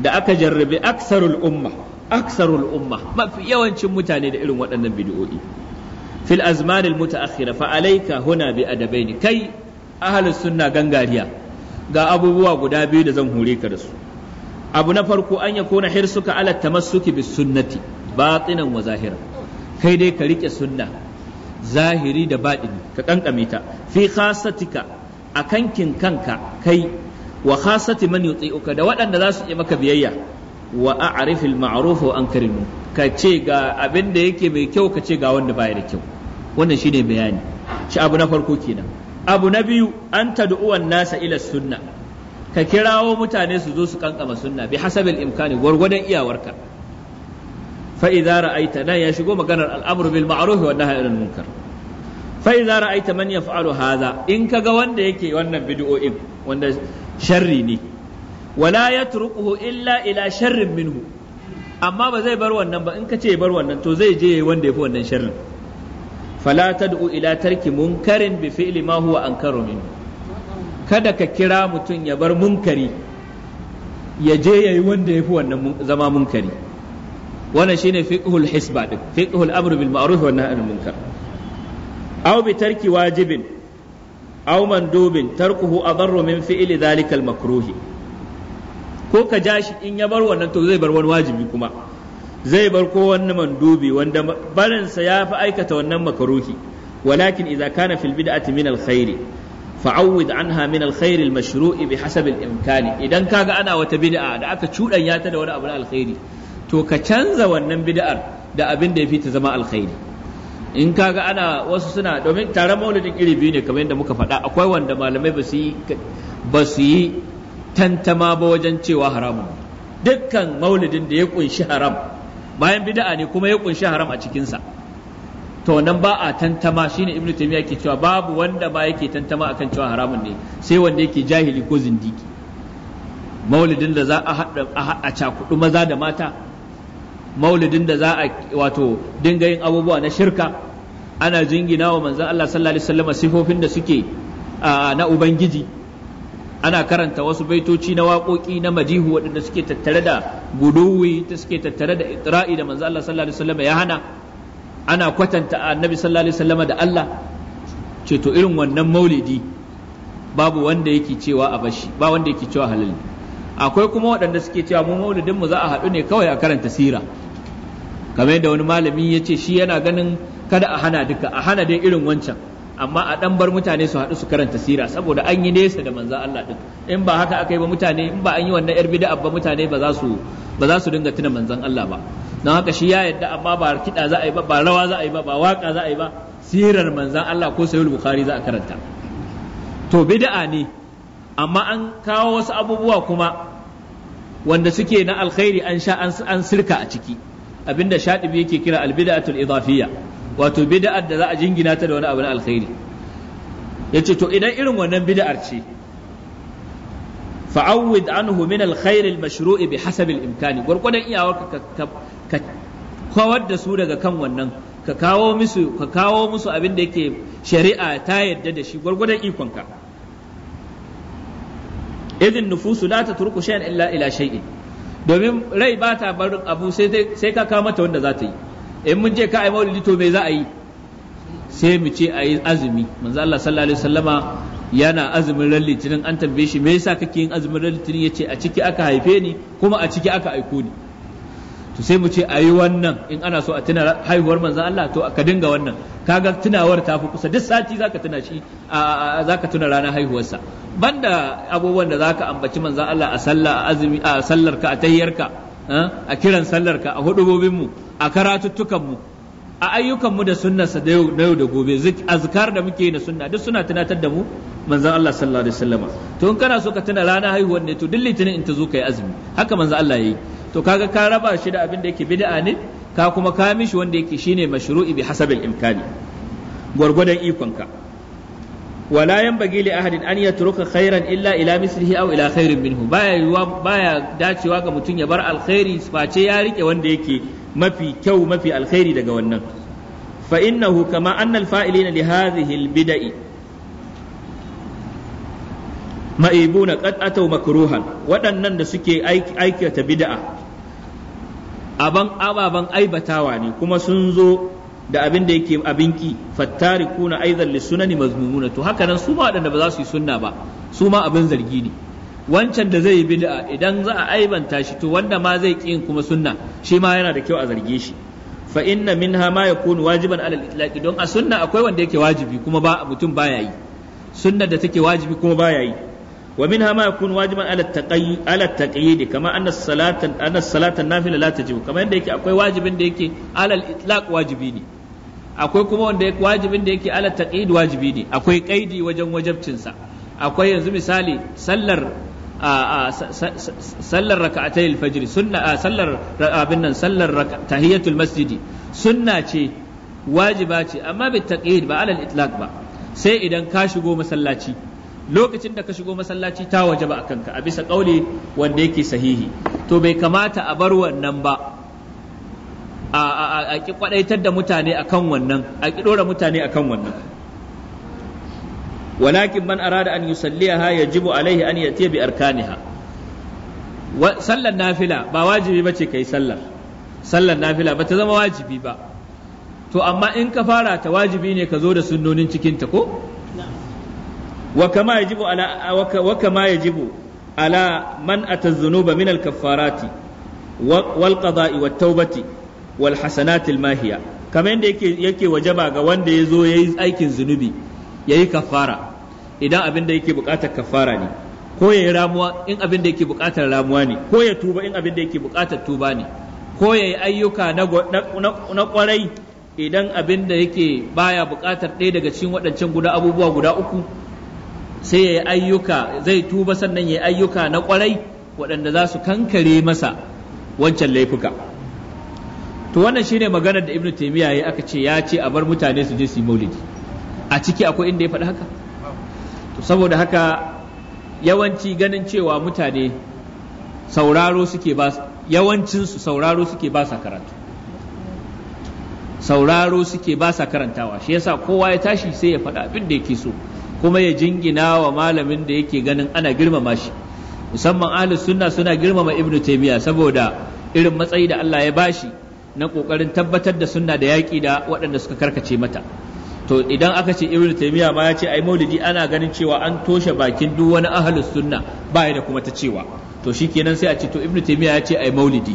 da aka jarrabe aksarul umma aksarul umma mafi yawancin mutane da irin waɗannan bidiyoyi fil azmanil mutaakhira fa alayka huna bi adabaini kai ahlus sunna gangariya ga abubuwa guda biyu da zan hure ka da su abu na farko an ya kona hirsuka ala tamassuki bis sunnati batinan wa zahiran kai dai ka rike sunna zahiri da baɗini ka kankame ta fi khasatika a kankin kanka kai wa khasati man yuti'uka da waɗanda za su yi maka biyayya wa al ma'ruf wa ka ce ga abin da yake mai kyau ka ce ga wanda baya da kyau wannan shine bayani shi abu na farko kenan abu na biyu an tad'uwan nasa ila sunna ka kirawo mutane su zo su kankama sunna bi hasabil imkani gwargwadon iyawarka fa idza ra'aita nan ya shigo maganar al'amru bil ma'ruf wa nahyi anil munkar fa idza ra'aita man yaf'alu hadha in kaga wanda yake wannan bid'o'in wanda sharri ne wala yatrukuhu illa ila sharrin minhu amma ba zai bar wannan ba in ka ce bar wannan to zai je wanda yafi wannan sharrin fala tad'u ila tarki munkarin bi fi'li ma huwa ankaru minhu kada ka kira mutum ya bar munkari ya je yayi wanda yafi wannan zama munkari wannan shine fiqhul hisba din fiqhul amr bil ma'ruf wa nahy anil munkar aw bi tarki wajibin aw mandubin tarkuhu adarru min fi'li dhalika al makruhi ko ka jashi in ya bar wannan to zai bar wani wajibi kuma zai bar ko wani mandubi wanda barinsa ya fi aikata wannan makruhi walakin idza kana fil bid'ati min al khairi fa'awwid anha min alkhairi almashru'i bi hasab imkani idan kaga ana wata bid'a da aka cudanya ta da wani abu na to ka canza wannan bid'ar da abin da ya fi ta zama alkhairi in kaga ana wasu suna domin taron maulidin iri biyu ne kamar yadda muka faɗa akwai wanda malamai ba su yi tantama ba wajen cewa haramun dukkan maulidin da ya kunshi haram bayan bid'a ne kuma ya kunshi haram a cikinsa to nan ba a tantama shine ibnu taymiya ke cewa babu wanda ba yake tantama akan cewa haramun ne sai wanda yake jahili ko zindiki maulidin da za a haɗa a cakudu maza da mata maulidin da za a wato dinga yin abubuwa na shirka ana jingina wa manzon Allah sallallahu alaihi wasallam sifofin da suke na ubangiji ana karanta wasu baitoci na waƙoƙi na majihu waɗanda suke tattare da guduwi ta suke tattare da itra'i da manzo Allah sallallahu alaihi wasallam ya hana ana kwatanta annabi sallallahu alaihi wasallam da Allah ce to irin wannan maulidi babu wanda yake cewa a bashi ba wanda yake cewa halal akwai kuma waɗanda suke cewa mu maulidin mu za a haɗu ne kawai a karanta sira kamar yadda wani malami ya ce shi yana ganin kada a hana duka a hana dai irin wancan amma a dan bar mutane su haɗu su karanta sira saboda an yi nesa da manzan Allah duk in ba haka aka yi ba mutane in ba an yi wannan yar bid'a ba mutane ba za su ba za su dinga tuna manzan Allah ba don haka shi ya yadda amma ba kiɗa za a yi ba ba rawa za a yi ba ba waka za a yi ba sirar manzan Allah ko sahih bukhari za a karanta to bid'a ne amma an kawo wasu abubuwa kuma wanda suke na alkhairi an sha an sirka a ciki abinda shaɗibi yake kira albid'atul idafiyya wato bida'ar da za a jingina ta da wani abu na alkhairi yace to idan irin wannan bida'ar ce fa'awwid anhu min alkhair almashru'i bihasab alimkani gurgudan iyawarka ka kawar da su daga kan wannan ka kawo musu ka kawo musu abin da yake shari'a ta yadda da shi gurgudan ikonka idin nufusu la tatruku shay'an illa ila shay'in domin rai ba ta barin abu sai ka kama ta wanda za ta yi in mun je ka ai maulidi to me za a yi sai mu ce a yi azumi manzo Allah sallallahu alaihi wasallama yana azumin ran litinin an tambaye shi me yasa kake yin azumin ran litinin ce a ciki aka haife ni kuma a ciki aka aiko ni to sai mu ce a yi wannan in ana so a tuna haihuwar manzan Allah to ka dinga wannan kaga tunawar ta fi kusa duk sati ka tuna shi ka tuna ranar haihuwarsa banda abubuwan da za ka ambaci manzan Allah a sallah a azumi a sallar a tayyarka eh, a kiran sallarka a hudubobin a karatuttukan mu a ayyukanmu da sunnarsa da yau da gobe azkar da muke yi na sunna duk suna tunatar da mu manzon Allah sallallahu alaihi wasallama to in kana so ka tuna ranar haihuwar ne to duk litinin in ta zo kai azumi haka manzon Allah yayi to kaga ka raba shi da abin da yake bid'a ne ka kuma ka mishi wanda yake shine mashru'i bi hasabil imkani gwargwadon ikonka wala yanbaghi li ahadin an yatruka khairan illa ila mislihi aw ila khairin minhu baya baya dacewa ga mutum ya bar alkhairi face ya rike wanda yake mafi kyau mafi alkhairi daga wannan fa kama annal fa'ilina li hadhihi al bid'i ma'ibuna qad atau makruhan waɗannan da suke aikata bid'a aban ababan aibatawa ne kuma sun zo da abin da yake abin ki fattari kuna aizan sunani mazmumuna to haka nan su ma waɗanda ba za su yi sunna ba su ma abin zargi ne wancan da zai yi bid'a idan za a aibanta shi to wanda ma zai ƙi kuma sunna shi ma yana da kyau a zarge shi fa inna minha ma yakunu wajiban alal itlaqi don a sunna akwai wanda yake wajibi kuma ba mutum baya yi sunna da take wajibi kuma baya yi wa minha ma yakunu wajiban alal taqayyi alal taqyidi kama anna salatan anna salatan nafila la tajibu kama yadda yake akwai wajibin da yake alal itlaq wajibi ne akwai kuma wanda yake wajibin da yake alal taqyid wajibi ne akwai kaidi wajen wajabcinsa akwai yanzu misali sallar sallar raka'atayil fajr sunna sallar abin nan sallar tahiyatul masjidi sunna ce wajiba ce amma bi taqid ba alal itlaq ba sai idan ka shigo masallaci lokacin da ka shigo masallaci ta waje ba a kanka a bisa ƙauli wanda yake sahihi to bai kamata a bar wannan ba a ki kwadaitar da mutane akan wannan a ki dora mutane akan wannan walakin man arada an yusalliha yajibu alaihi an yati bi arkaniha sallar nafila ba wajibi bace kai sallar sallar nafila ba ta zama wajibi ba to amma in ka fara ta wajibi ne ka zo da sunnonin cikin ta ko Wakama kama yajibu ala wa kama yajibu ala min al-kaffarati wal qada'i wat tawbati wal hasanatil mahiya kamar yadda yake yake wajaba ga wanda ya zo ya yi aikin zunubi ya yi kafara idan abin da yake buƙatar kafara ne ko ya yi ramuwa in abin da yake buƙatar ramuwa ne ko ya tuba in abin da yake buƙatar tuba ne ko ya yi ayyuka na ƙwarai idan abin da yake baya buƙatar ɗaya daga cikin waɗancan guda abubuwa guda uku sai ya yi ayyuka zai tuba sannan ya yi ayyuka na ƙwarai waɗanda za su kankare masa wancan laifuka to wannan shine maganar da ibnu taymiya ya aka ce ya ce a bar mutane su je su yi maulidi a ciki akwai inda ya faɗi haka saboda haka yawanci ganin cewa mutane sauraro suke ba yawancinsu sauraro suke ba sa karatu sauraro suke ba sa karantawa shi yasa kowa ya tashi sai ya faɗa abin da yake so kuma ya jingina wa malamin da yake ganin ana girmama shi musamman ahli sunna suna girmama ibnu taymiya saboda irin matsayi da Allah ya bashi na kokarin tabbatar da sunna da yaƙi da waɗanda suka karkace mata to idan aka ce ibnu taymiya ma ya ce ai maulidi ana ganin cewa an toshe bakin duk wani ahlus sunna ba da kuma ta cewa to shikenan sai a ce to ibnu taymiya ya ce ai maulidi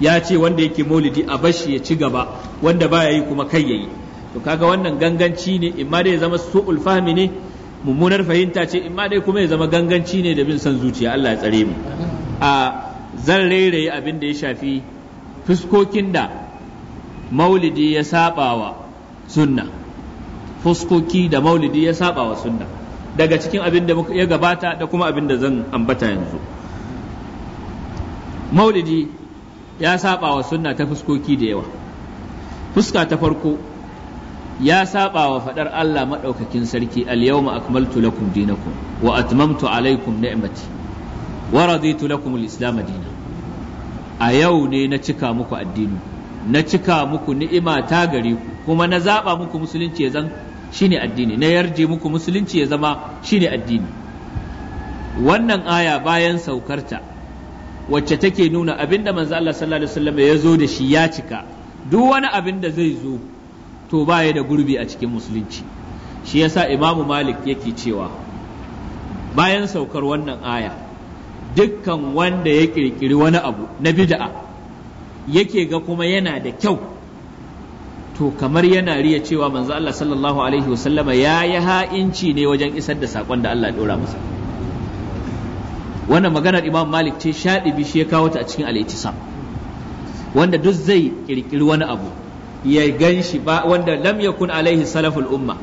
ya ce wanda yake maulidi a bashi ya ci gaba wanda baya yi kuma kai yayi to kaga wannan ganganci ne imma dai ya zama su'ul fahmi ne mummunar fahimta ce imma dai kuma ya zama ganganci ne da bin son zuciya Allah ya tsare mu a zan rairaye abin da ya shafi fuskokin da maulidi ya sabawa sunna fuskoki da maulidi ya saba wa sunna daga cikin abin da ya gabata da kuma abin da zan ambata yanzu maulidi ya saba wa sunna ta fuskoki da yawa fuska ta farko ya saba wa fadar Allah maɗaukakin sarki al-yawma akmaltu lakum dinakum wa atmamtu alaikum ni'mati wa raditu lakum al-islam dina a yau ne na cika muku addini na cika muku ni'ima ta gare ku kuma na zaba muku musulunci zan shine addini na yarje muku musulunci ya zama shine addini wannan aya bayan saukarta wacce take nuna abinda manzo Allah sallallahu alaihi wasallam ya zo da shi ya cika duk wani abin da zai zo to baya da gurbi a cikin musulunci shi yasa imamu malik yake cewa bayan saukar wannan aya dukkan wanda ya kirkiri wani abu na bid'a yake ga kuma yana da kyau to kamar yana riya cewa manzo Allah sallallahu alaihi wasallama ya yi ha'inci ne wajen isar da sakon da Allah ya dora masa wannan maganar Imam Malik ce shaɗibi shi ya kawo ta a cikin al wanda duk zai kirkiri wani abu ya gan ba wanda lam yakun alaihi salaful umma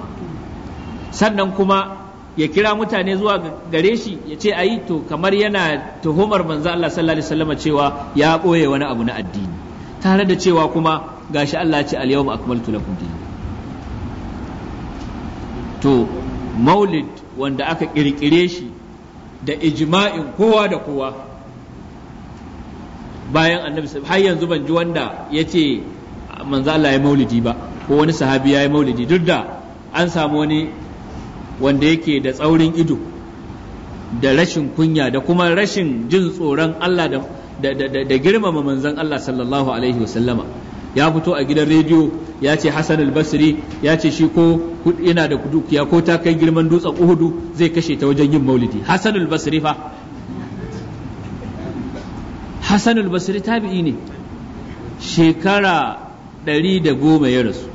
sannan kuma ya kira mutane zuwa gare shi ya ce ayi to kamar yana tuhumar manzo Allah sallallahu alaihi wasallama cewa ya ɓoye wani abu na addini tare da cewa kuma gashi Allah ce al-yawma akmaltu lakum dinakum to maulid wanda aka kirkire shi da ijma'in kowa da kowa bayan annabi har yanzu ban ji wanda ya ce manzo Allah ya maulidi ba ko wani sahabi ya yi maulidi duk da an samu wani wanda yake da tsaurin ido da rashin kunya da kuma rashin jin tsoron Allah da girmama manzon Allah sallallahu alaihi wasallama ya fito a gidan rediyo ya ce Hassan al ya ce shi ko yana da dukiya ko ta kai girman dutsen Uhudu zai kashe ta wajen yin maulidi Hassan al fa Hassan al ta tabi'i ne shekara ɗari da goma ya rasu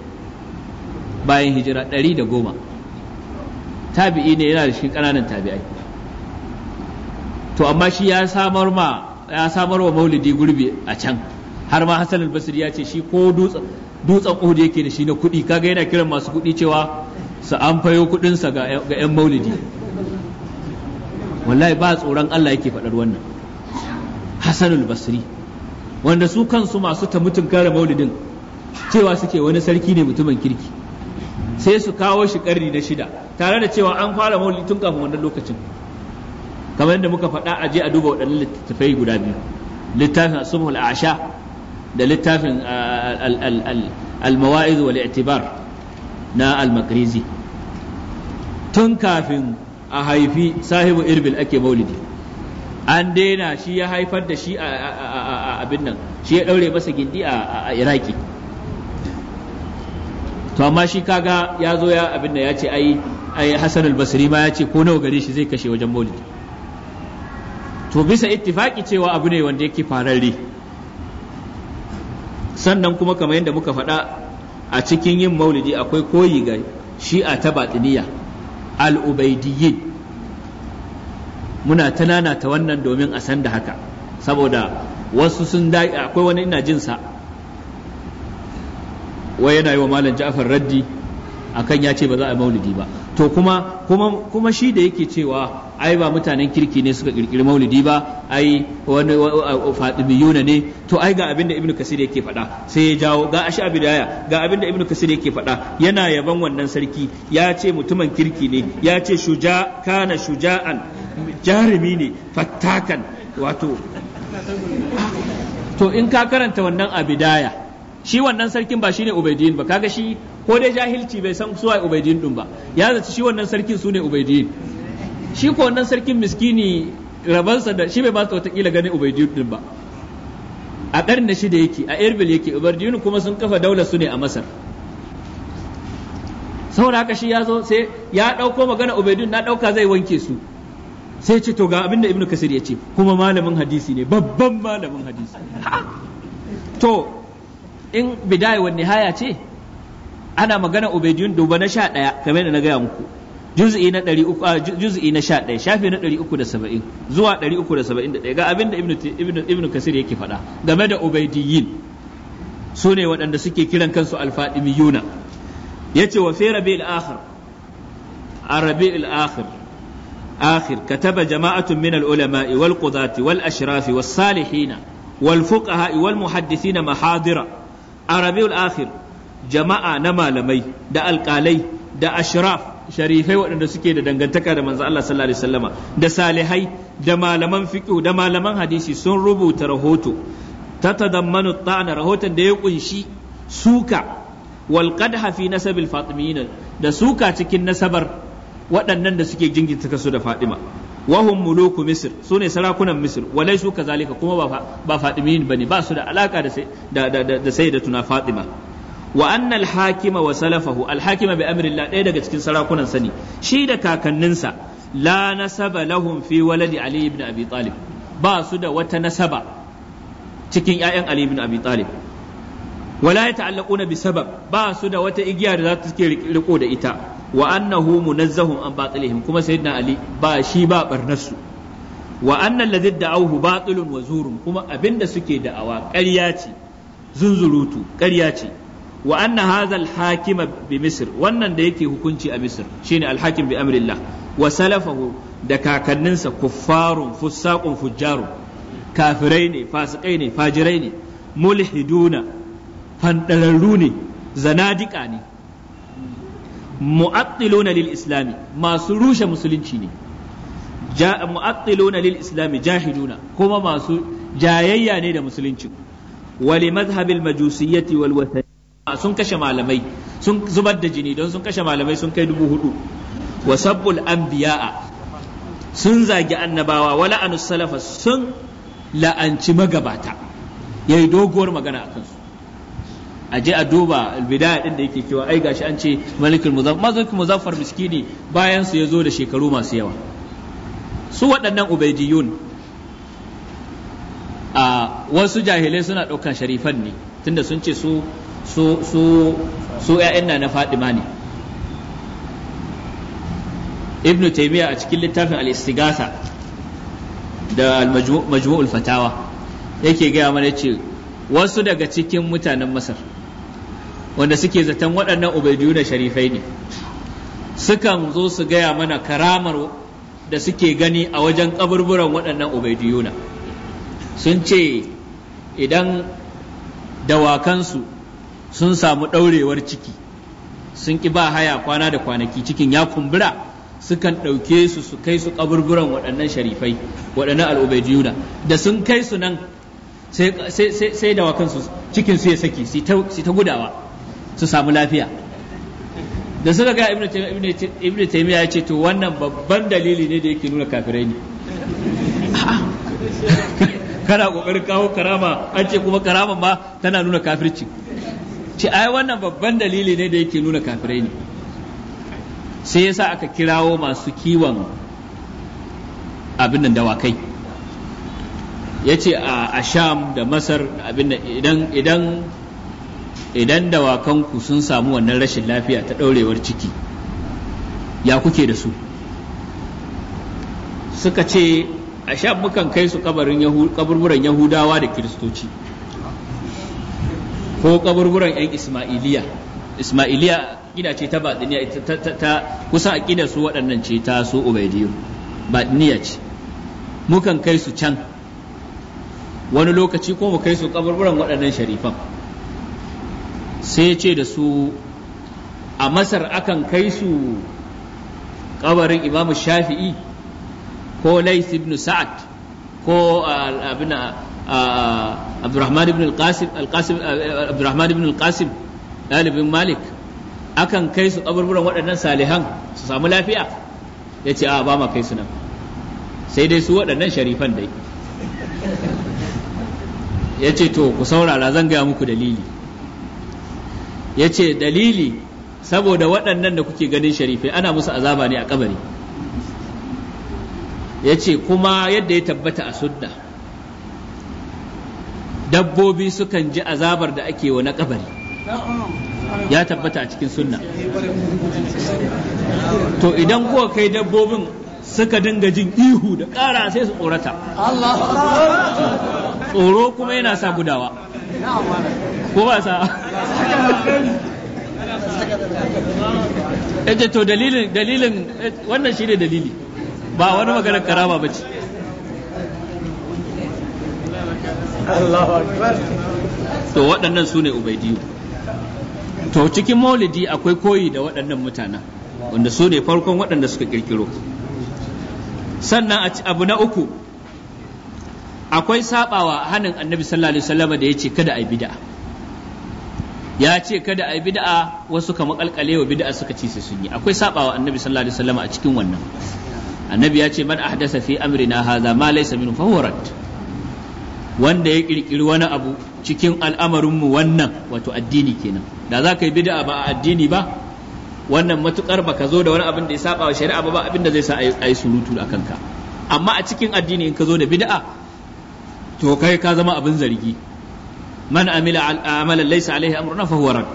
bayan hijira ɗari da goma tabi'i ne yana da shi ƙananan tabi'ai to amma shi ya samar ma ya samar wa maulidi gurbi a can har ma Hassan al-Basri ya ce shi ko dutsen Uhud yake da shi na kuɗi kaga yana kiran masu kuɗi cewa su an fayo kuɗinsa sa ga 'yan maulidi wallahi ba tsoron Allah yake faɗar wannan Hassan al-Basri wanda su kansu masu ta mutun kare maulidin cewa suke wani sarki ne mutumin kirki sai su kawo shi karni na shida tare da cewa an fara maulidi tun kafin wannan lokacin kamar yadda muka faɗa a je a duba waɗannan littattafai guda biyu littafin asumul asha da littafin al-mawa'iz wal i'tibar na al tun kafin a haifi sahibu irbil ake maulidi an daina shi ya haifar da shi a abin nan shi ya daure masa gindi a iraki to amma shi kaga ya zo ya abin nan ya ce ai ai al-basri ma ya ce ko nawa gare shi zai kashe wajen maulidi to bisa ittifaki cewa abu ne wanda yake fararre sannan kuma kamar yadda muka faɗa a cikin yin maulidi akwai koyi ga shi'a ta batiniya al muna tanana ta wannan domin a san da haka saboda wasu sun da akwai wani ina jinsa wai yana yi wa malam ja'far raddi akan ya ce ba za a maulidi ba to kuma kuma kuma shi da yake cewa ai ba mutanen kirki ne suka kirkiri maulidi ba ai wani yuna ne to ai ga abin da ibnu kasir yake faɗa sai ya jawo ga ashi abidaya ga abin da ibnu kasir yake faɗa yana yaban wannan sarki ya ce mutumin kirki ne ya ce shuja kana shuja'an jarumi ne fattakan wato to in ka karanta wannan abidaya shi wannan sarkin ba shine ubaidiyin ba kaga shi ko dai jahilci bai san suwaye ubaidiyin din ba ya zaci shi wannan sarkin sune ubaidiyin shi ko wannan sarkin miskini rabansa da shi bai ba su watakila ganin ubaidiyin din ba a ƙarni da shida yake a erbil yake ubaidiyin kuma sun kafa daular su ne a masar saboda haka shi ya zo sai ya ɗauko magana ubaidiyin na ɗauka zai wanke su sai ce to ga abin da ibnu kasir ya ce kuma malamin hadisi ne babban malamin hadisi to in bidaya wa nihaya ce ana magana ubaidiyun duba na sha ɗaya kamar da na gaya muku juz'i na ɗari uku juz'i na sha ɗaya shafi na ɗari uku da saba'in zuwa ɗari uku da saba'in da ɗaya ga abin da ibnu kasir yake faɗa game da ubaidiyin su ne waɗanda suke kiran kansu alfadimiyuna ya ce wa fi rabi'il akhir a rabi'il akhir akhir kataba jama'atun min al-ulama'i wal qudati wal ashrafi was salihina wal fuqaha wal muhaddithina mahadira a rabiul akhir jama'a na malamai da alƙalai da ashraf sharifai waɗanda suke da dangantaka da manzo Allah sallallahu alaihi wasallama da salihai da malaman fiqh da malaman hadisi sun rubuta rahoto tatadammanu tana. rahoton da ya kunshi suka wal qadha fi nasabil fatimiyin da suka cikin nasabar waɗannan da suke jingita su da Fatima wahum muluku misr su ne sarakunan Misir? walai su kazalika kuma ba fadimin bane ba su da alaka da da sayyidatuna fatima wa anna hakima wa salafahu al-hakima bi amrillah ɗaya daga cikin sarakunan sani shi da kakanninsa la nasaba lahum fi waladi ali ibn abi talib ba su da wata nasaba cikin 'ya'yan ali ibn abi talib wala ya ta'allaquna bi sabab ba su da wata igiya da za ta riko da ita wa annahu munazzahum an batilihim kuma sayyidina ali ba shi ba barnarsu wa annal ladhi da'awhu batilun wa zurun kuma abinda suke da'awa ƙarya ce zunzurutu ƙarya ce wa anna hakima bi misir wannan da yake hukunci a misir shine al bi amrillah wa salafahu da kakanninsa kuffarun fussaqun fujjarun kafirai ne fasikai ne fajirai ne mulhiduna fandararru ne zanadika ne mu'attiluna lil islami masu rushe musulunci ne mu'attiluna lil islami jahiduna kuma masu jayayya ne da musulunci wali madhhabil majusiyyati wal sun kashe malamai sun zubar da jini don sun kashe malamai sun kai dubu hudu wa sabbul anbiya'a sun zagi annabawa wa anus salafa sun la'anci magabata yayi doguwar magana akan su a je a duba albidaya din da yake cewa ai gashi an ce malikul muzaffar malikul muzaffar miskini bayan su yazo da shekaru masu yawa su waɗannan ubaidiyun a wasu jahilai suna ɗaukan sharifan ne tunda sun ce su su su su ƴaƴan na fadima ne ibnu taymiya a cikin littafin al istigasa da al-majmu'ul fatawa yake gaya mana ce wasu daga cikin mutanen masar wanda suke zaton waɗannan ubaidiyu da sharifai ne sukan zo su gaya mana karamar da suke gani a wajen kaburburan waɗannan yuna. sun ce idan dawakansu sun samu ɗaurewar ciki sun ƙi ba haya kwana da kwanaki cikin ya kumbura sukan ɗauke su su kai su kaburburan waɗannan sharifai waɗannan al'ubaidiyuna da sun kai su nan sai dawakansu cikin su ya saki su ta gudawa su samu lafiya da suka ga ibn taymiya ya ce to wannan babban dalili ne da yake nuna kafirai ne kana kokarin kawo karama an ce kuma karama ma tana nuna kafirci ce ai wannan babban dalili ne da yake nuna kafirai ne sai yasa aka kirawo masu kiwon abin nan dawakai ya ce a sham da masar abin idan idan dawakanku sun samu wannan rashin lafiya ta ɗaurewar ciki ya kuke da su suka ce a sha mukan kai su kaburburan yahudawa da kiristoci ko kaburburan 'yan ismailiya ismailiya gida ce ta baɗiniya ta a gida su waɗannan ce ta su ubaidiyu baɗiniya ce mukan kai su can wani lokaci ko mu kai su kaburburan waɗannan sharifan sai ce da su a masar akan kai su kabarin imamu shafi'i ko lais ibn sa'ad ko abin abdurrahman ibn al-qasim ibn al dalibin malik akan kai su kaburburan waɗannan salihan su samu lafiya ya ce a ba ma kai su nan sai dai su waɗannan sharifan dai ya ce to ku saurara zan gaya muku dalili ya ce dalili saboda waɗannan da kuke ganin sharifai ana musu azaba ne a kabari ya ce kuma yadda ya tabbata a sunna dabbobi sukan ji azabar da ake wa na kabari ya tabbata a cikin sunna to idan kuwa kai dabbobin suka dinga jin ihu da ƙara sai su tsorata tsoro kuma yana sa gudawa ko ba sa yace to dalilin dalilin wannan shi ne dalili ba wani maganar karama ba ce to waɗannan su ne ubaidiyu to cikin maulidi akwai koyi da waɗannan mutanen wanda su ne farkon waɗanda suka kirkiro sannan abu na uku akwai sabawa hannun annabi sallallahu alaihi wasallam da ya ce kada a bid'a ya ce kada a yi bid'a wasu ka makalkale wa bid'a suka ci sai sun yi akwai sabawa annabi sallallahu alaihi wasallam a cikin wannan annabi ya ce man ahdasa fi amrina hadha ma laysa min fawrat wanda ya kirkiri wani abu cikin al'amarin mu wannan wato addini kenan da za ka yi bid'a ba a addini ba wannan matukar baka zo da wani abin da ya saba wa shari'a ba ba abin da zai sa a yi surutu a kanka amma a cikin addini in ka zo da bid'a to kai ka zama abin zargi man amila amalan laysa alaihi amruna fa huwa rad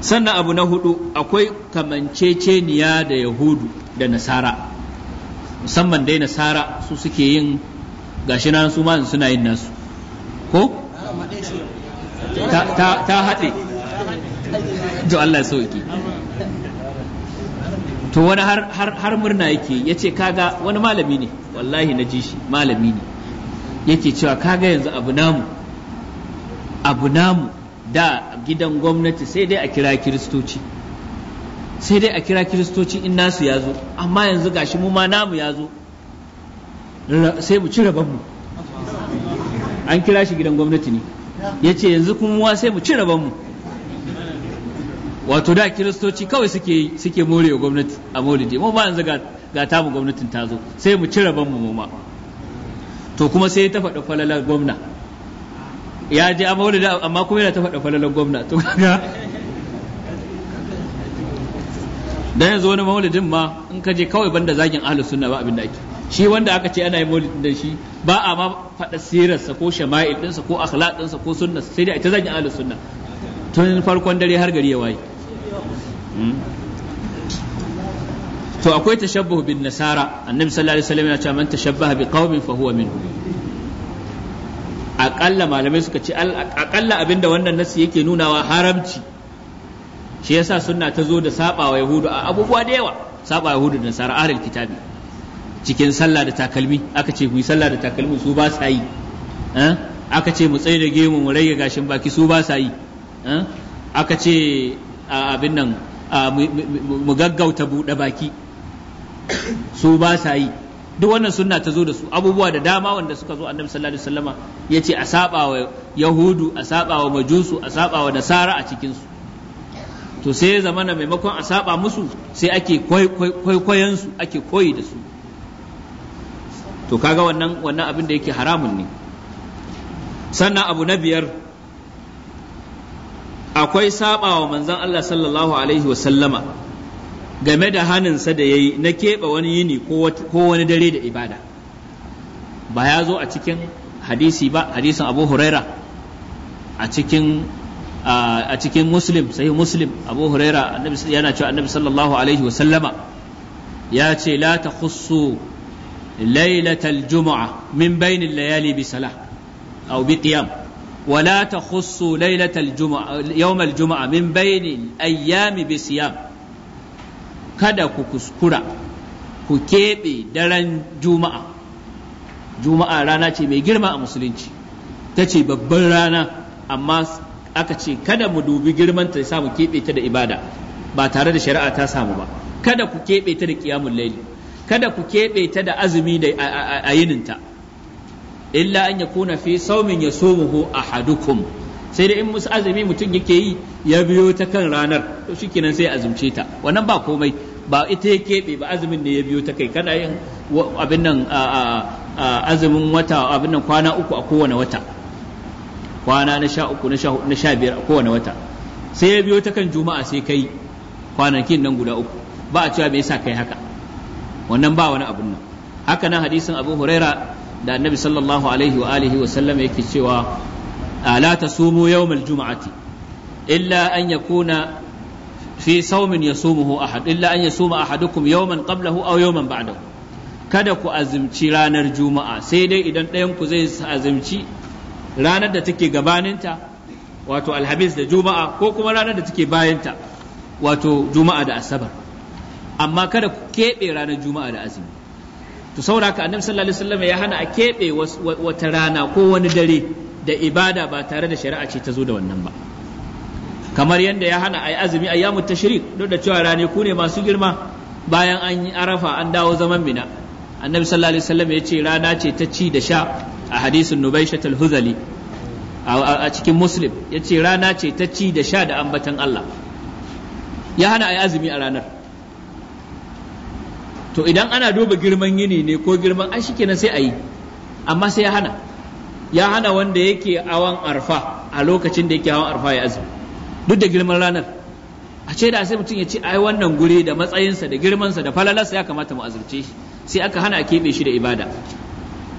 sannan abu na hudu akwai kamanceceniya da yahudu da nasara musamman dai nasara su suke yin gashi nan su ma suna yin nasu ko ta haɗe to Allah ya sauki to wani har murna yake ya ce kaga wani malami ne wallahi na ji shi malami ne yake cewa kaga yanzu abu namu abu namu da gidan gwamnati sai dai a kira kiristoci sai dai a kira kiristoci in nasu ya zo amma yanzu gashi mu ma namu ya zo sai mu ci rabanmu an kira shi gidan gwamnati ne ya ce yanzu kuma sai mu ci rabanmu wato da kiristoci kawai suke suke more wa gwamnati a maulidi mu ba yanzu ga ga tamu gwamnatin ta zo sai mu ci rabanmu mu ma to kuma sai ta faɗi falalar gwamna ya je a maulida amma kuma yana ta faɗa falalar gwamna to kaga dan yanzu wani maulidin ma in ka je kawai banda zagin ahli sunna ba abin da ake shi wanda aka ce ana yi maulidin da shi ba a ma faɗa sirarsa ko shama'il ɗinsa ko akhlaq ɗinsa ko sunna sai dai ta zagin ahli sunna tun farkon dare har gari ya waye hmm? to akwai tashabbuh bin nasara annabi sallallahu alaihi wasallam yana cewa man tashabbaha bi qaumin fa huwa minhum akalla malamai suka ce abin abinda wannan nasi yake nunawa haramci shi yasa sunna ta zo da sabawa yahudu a abubuwa da yawa saba yahudu da nasara ahlul kitabi cikin sallah da takalmi aka ce mu yi sallah da takalmi su ba sa yi eh? aka ce mu tsaye da gemu mu rage gashin baki su ba sa yi eh? aka ce abin nan mu gaggauta buɗe baki su ba sa yi duk wannan sunna ta zo da su abubuwa da dama wanda suka zo annabi sallallahu alaihi wasallama yace a saba wa yahudu a saba wa majusu a saba wa nasara a cikin su to sai ya zamana maimakon a saba musu sai ake kwaikwayon su ake koyi da su to kaga wannan wannan abin da yake haramun ne sannan abu na biyar akwai saba wa manzon Allah sallallahu alaihi wasallama game da haninsa da ya yi na keɓe wani yini ko wani dare da ibada ba ya zo a cikin hadisi ba hadisin abu huraira a cikin muslim sai muslim abu huraira yana cewa annabi sallallahu alaihi wasallama ya ce la ta khussu lailatal juma'a min bainin layali bi salah aw bi qiyam ولا تخصوا Juma'a, الجمعة Juma'a, min من ayyami الأيام siyam. kada ku kuskura ku keɓe daren juma'a juma'a rana ce mai girma a musulunci ta ce babban rana amma aka ce kada mu dubi girman ta samu keɓe ta da ibada ba tare da shari'a ta samu ba kada ku keɓe ta da kiyamun laili kada ku keɓe ta da azumi da a yininta illa an yakuna fi saumin yasumuhu ahadukum sai dai in musu azumi mutum yake yi ya biyo ta kan ranar to shikenan sai azumce ta wannan ba komai ba ita ya keɓe ba azumin ne ya biyo ta kai kana yin abin nan azumin wata abin nan kwana uku a kowane wata kwana na sha uku na sha biyar a kowane wata sai ya biyo ta kan juma'a sai kai kwanakin nan guda uku ba a cewa me yasa kai haka wannan ba wani abun nan haka nan hadisin abu huraira da annabi sallallahu alaihi wa alihi wa sallam yake cewa ala tasumu yawmal juma'ati illa an yakuna fi saumin yasumuhu ahad illa an yasuma ahadukum yawman qablahu aw yawman ba'dahu kada ku azumci ranar juma'a sai dai idan ɗayan ku zai azumci ranar da take gabaninta wato alhamis da juma'a ko kuma ranar da take bayanta wato juma'a da asabar amma kada ku keɓe ranar juma'a da azumi to saboda haka annabi sallallahu alaihi wasallam ya hana a keɓe wata rana ko wani dare da ibada ba tare da shari'a ce ta zo da wannan ba kamar yadda ya hana a yi azumi ayyamu tashirik duk da cewa ranaku ne masu girma bayan an yi arafa an dawo zaman mina annabi sallallahu alaihi wasallam ya ce rana ce ta ci da sha a hadisin nubaishat al-huzali a cikin muslim ya ce rana ce ta ci da sha da ambatan Allah ya hana a yi azumi a ranar to idan ana duba girman yini ne ko girman an shi kenan sai a yi amma sai ya hana ya hana wanda yake awan arfa a lokacin da yake awan arfa ya azumi duk da girman ranar a ce da sai mutum ya ce ai wannan guri da matsayinsa da girmansa da falalarsa ya kamata mu azurce shi sai aka hana a keɓe shi da ibada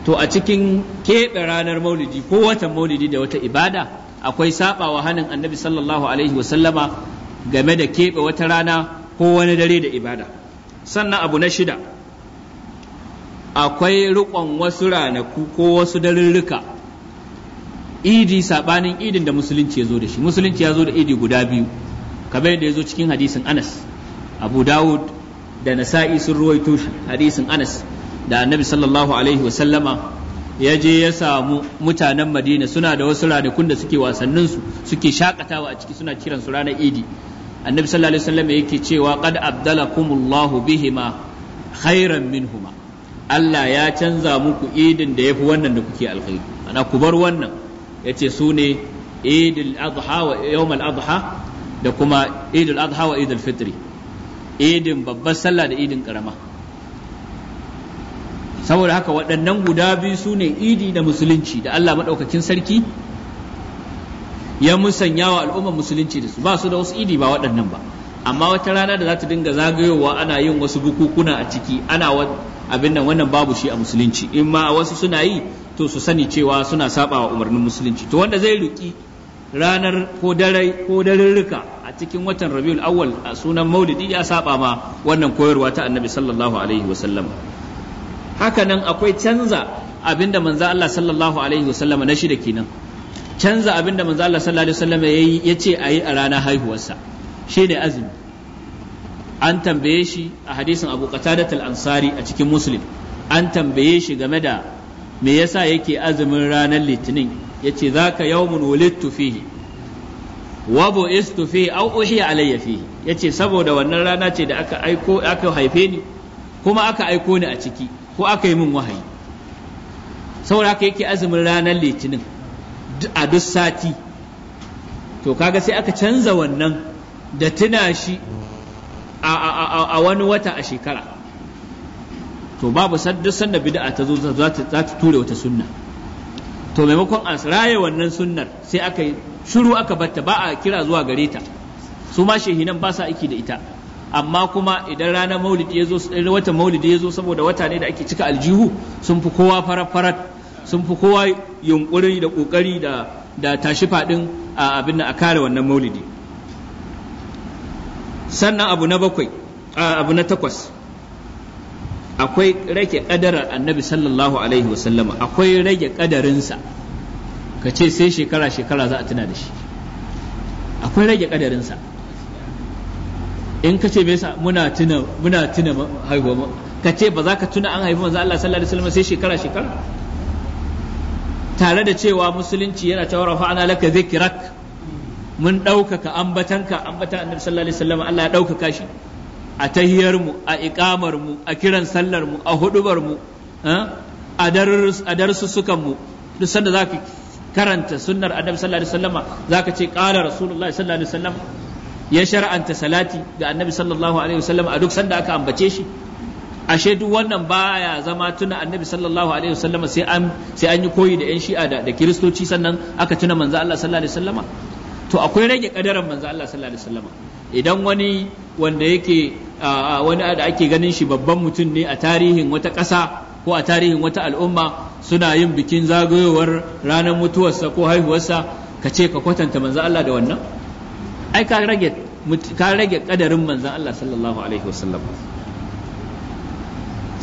to a cikin keɓe ranar maulidi ko watan maulidi da wata ibada akwai saɓawa hannun annabi sallallahu alaihi wasallama game da keɓe wata rana ko wani dare da ibada sannan abu na shida akwai riƙon wasu ranaku ko wasu darurruka idi sabanin idin da musulunci ya zo da shi musulunci ya zo da idi guda biyu kamar yadda ya zo cikin hadisin anas abu dawud da nasa'i sun ruwaito hadisin anas da annabi sallallahu alaihi wa sallama ya je ya samu mutanen madina suna da wasu ranakun da suke wasannin su suke shakatawa a ciki suna kiran su ranar idi annabi sallallahu alaihi wa sallama yake cewa qad abdalakumullahu bihima khairan minhuma Allah ya canza muku idin da yafi wannan da kuke alkhairi ana ku bar wannan yace su ne idul adha wa yawmul adha da kuma idul adha wa idul fitri idin babbar sallah da idin karama saboda haka waɗannan guda biyu su ne idi da musulunci da Allah maɗaukakin sarki ya musanya wa al'ummar musulunci da su ba su da wasu idi ba waɗannan ba amma wata rana da za ta dinga zagayowa ana yin wasu bukukuna a ciki ana abin nan wannan babu shi a musulunci in ma wasu suna yi to su sani cewa suna saba wa umarnin musulunci to wanda zai ruki ranar ko dare ko a cikin watan rabiul awwal a sunan maulidi ya saba ma wannan koyarwa ta annabi sallallahu alaihi wasallam haka nan akwai canza abinda manzo Allah sallallahu alaihi wasallam na shida kenan canza abinda manzo Allah sallallahu alaihi wasallam yayi yace ayi a ranar haihuwarsa shine azumi an tambaye shi a hadisin Abu Qatadat al-Ansari a cikin Muslim an tambaye shi game da me yasa yake azumin ranar Litinin yace zaka yawmun wulidtu fihi wa bu'istu fihi aw uhiya alayya fihi yace saboda wannan rana ce da aka aiko aka haife ni kuma aka aiko ni a ciki ko aka yi min wahayi saboda haka yake azumin ranar Litinin a duk sati to kaga sai aka canza wannan da tuna shi a wani wata a shekara to babu duk sanda bid'a ta zo za ta ture wata sunna to maimakon a raye wannan sunnar sai aka yi shiru aka batta ba a kira zuwa gare ta su ma shehinan ba sa aiki da ita amma kuma idan ranar maulidi ya zo wata maulidi ya zo saboda wata ne da ake cika aljihu sun fi kowa farar sun fi kowa yunkuri da kokari da da tashi fadin abin a kare wannan maulidi sannan abu na bakwai abu na takwas akwai rage kadarar annabi sallallahu alaihi wasallama akwai rage kadarinsa ka ce sai shekara shekara za a tuna da shi akwai rage kadarinsa in ka ce mesa muna tuna muna tuna haihuwa ka ce ba za ka tuna an haifi manzo Allah sallallahu alaihi wasallam sai shekara shekara tare da cewa musulunci yana cewa rafa'ana laka zikrak mun ɗaukaka ambatanka ambatan annabi sallallahu alaihi wasallam Allah ya ɗaukaka shi a tahiyar mu a iqamar mu a kiran sallar mu a hudubar mu a darussukan mu duk sanda zaka karanta sunnar annabi sallallahu alaihi wasallam zaka ce qala rasulullahi sallallahu alaihi wasallam ya shar'anta salati ga annabi sallallahu alaihi wasallam a duk sanda aka ambace shi ashe duk wannan baya zama tuna annabi sallallahu alaihi wasallam sai an sai an yi koyi da yan shi'a da, kiristoci sannan aka tuna manzo Allah sallallahu alaihi wasallam to akwai rage kadaran manzo Allah sallallahu alaihi wasallam idan wani wanda yake wani da ake ganin shi babban mutum ne a tarihin wata ƙasa ko a tarihin wata al'umma suna yin bikin zagayowar ranar mutuwarsa ko haihuwarsa ka ce ka kwatanta manzo Allah da wannan ai ka rage ka rage kadarin manzon Allah sallallahu alaihi wasallam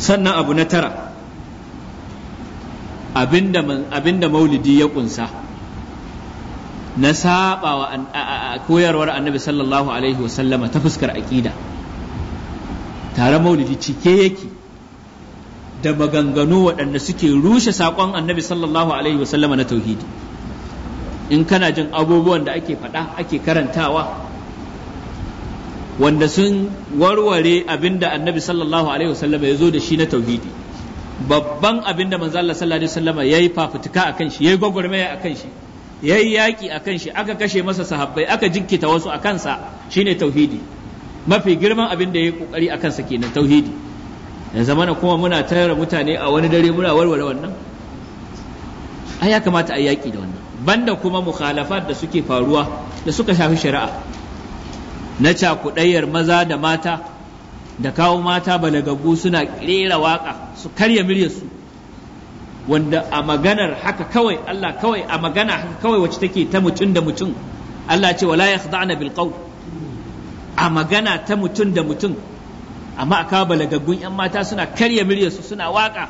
sannan abu na tara abinda abinda maulidi ya kunsa na saba wa koyarwar annabi sallallahu alaihi wasallama ta fuskar aƙida tare maulidi cike yake da maganganu waɗanda suke rushe saƙon annabi sallallahu alaihi wasallama na tauhidi in kana jin abubuwan da ake faɗa ake karantawa wanda sun warware abinda annabi sallallahu alaihi wasallama ya zo da shi na tauhidi babban abinda manzo Allah sallallahu alaihi wasallama yayi fafutuka akan shi yayi gwagwarmaya akan shi ya yi yaƙi a kan shi aka kashe masa sahabbai aka jinkita wasu a kansa shine tauhidi mafi girman abin da ya yi ƙoƙari a kansa kenan tauhidi ya zamana kuma muna tayar mutane a wani dare muna warware wannan ai ya kamata a yaƙi da wannan banda kuma mukhalafat da suke faruwa da suka shafi shari'a na cakuɗayyar maza da mata da kawo mata balagagu suna ƙera waƙa su karya su. wanda a maganar haka kawai Allah kawai a magana haka kawai wacce take ta mutum da mutum Allah ce wala yakhda'na bil qawl a magana ta mutum da mutum amma aka balagaggun yan mata suna karya muryarsu suna waka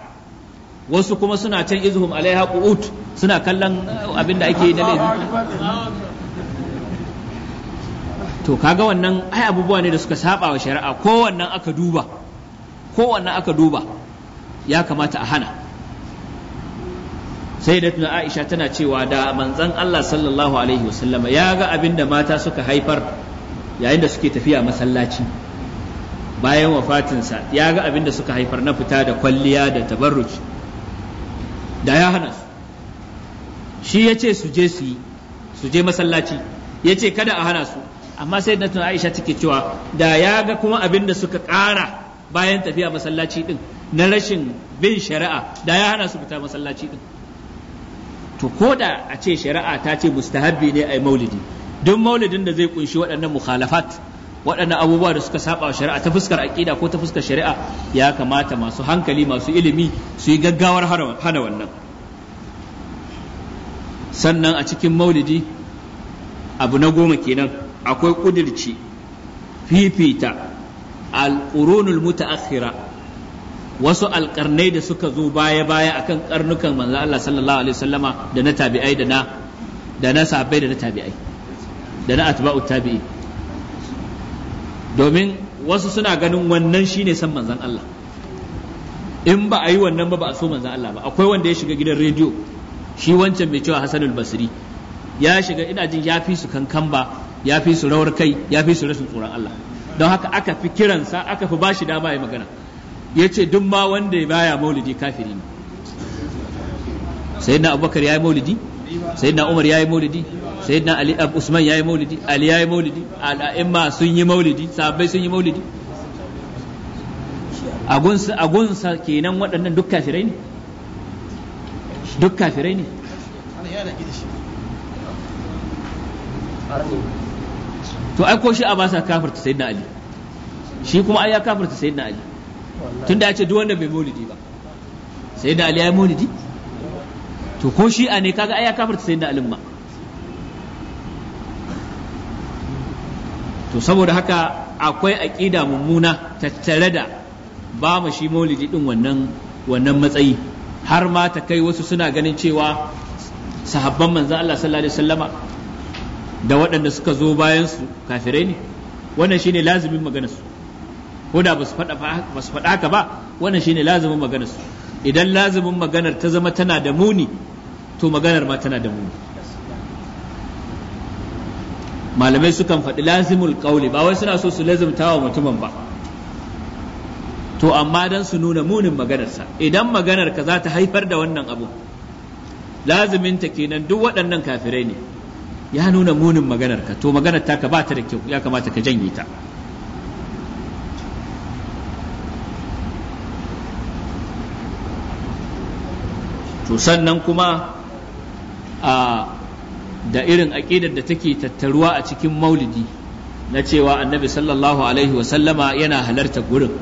wasu kuma suna can izhum alaiha qu'ut suna kallon abin da ake yi na laifi to kaga wannan ai abubuwa ne da suka saba wa shari'a kowannan aka duba kowannan aka duba ya kamata a hana sai da tuna aisha tana cewa da manzan Allah sallallahu alaihi wasallama ya ga abin da mata suka haifar yayin da suke tafiya masallaci bayan wafatinsa ya ga abin da suka haifar na fita da kwalliya da tabarruci da ya hana su shi ya ce su je su yi su je masallaci ya ce kada a hana su amma sai da tuna aisha take cewa da ya ga kuma abin da suka ƙara bayan tafiya masallaci din na rashin bin shari'a da ya hana su fita masallaci din to koda a ce shari'a ta ce mustahabbi ne ai maulidi duk maulidin da zai kunshi waɗannan mukhalafat waɗannan abubuwa da suka saba shari'a ta fuskar aƙida ko ta fuskar shari'a ya kamata masu hankali masu ilimi su yi gaggawar hana wannan sannan a cikin maulidi abu na goma kenan akwai kudirci fifita al-qurunul mutaakhira wasu alƙarnai da suka zo baya baya akan karnukan manzo Allah sallallahu alaihi wasallama da na tabi'ai da na da na sabai da na tabi'ai da na atba'u tabi'i domin wasu suna ganin wannan shine san manzon Allah in ba a yi wannan ba ba a so manzon Allah ba akwai wanda ya shiga gidan rediyo shi wancan mai cewa Hassanul Basri ya shiga ina jin ya fi su kankan ba ya fi su rawar kai ya fi su rashin tsoron Allah don haka aka fi kiransa aka fi bashi dama ya magana yace duk ma wanda baya maulidi kafiri ne sayyidina abubakar yayi maulidi sayyidina umar yayi maulidi sayyidina ali ab uh, usman yayi maulidi ali yayi maulidi al'a'imma sun yi maulidi sahabbai sun yi maulidi a gunsa kenan waɗannan duk kafirai ne duk kafirai ne to ai ko shi a ba sa kafirta sayyidina ali shi kuma ai ya kafirta sayyidina ali tun da ya ce duk wanda bai maulidi ba sai da aliya ya to ko shi'a ne kaga ai ya kafarta sai da alimma to saboda haka akwai aƙida mummuna tattare da ba mu shi maulidi din wannan matsayi har ma ta kai wasu suna ganin cewa sahabban manzan Allah sallallahu alaihi wasallama da waɗanda suka zo bayan su kafirai ne wannan shine lazimin maganar su ko da ba su faɗa haka ba wannan shine lazumin maganar su idan lazumin maganar ta zama tana da muni to maganar ma tana da muni malamai sukan faɗi lazimul ƙauli ba wai suna so su lazimta wa mutumin ba to amma don su nuna munin maganarsa idan maganar ka za ta haifar da wannan abu laziminta kenan duk waɗannan kafirai ne ya nuna munin maganar ka to maganar ka ba ta da kyau ya kamata ka janye ta to sannan kuma a da irin aƙidar da take tattaruwa a cikin maulidi na cewa annabi sallallahu alaihi wasallama yana halarta gurin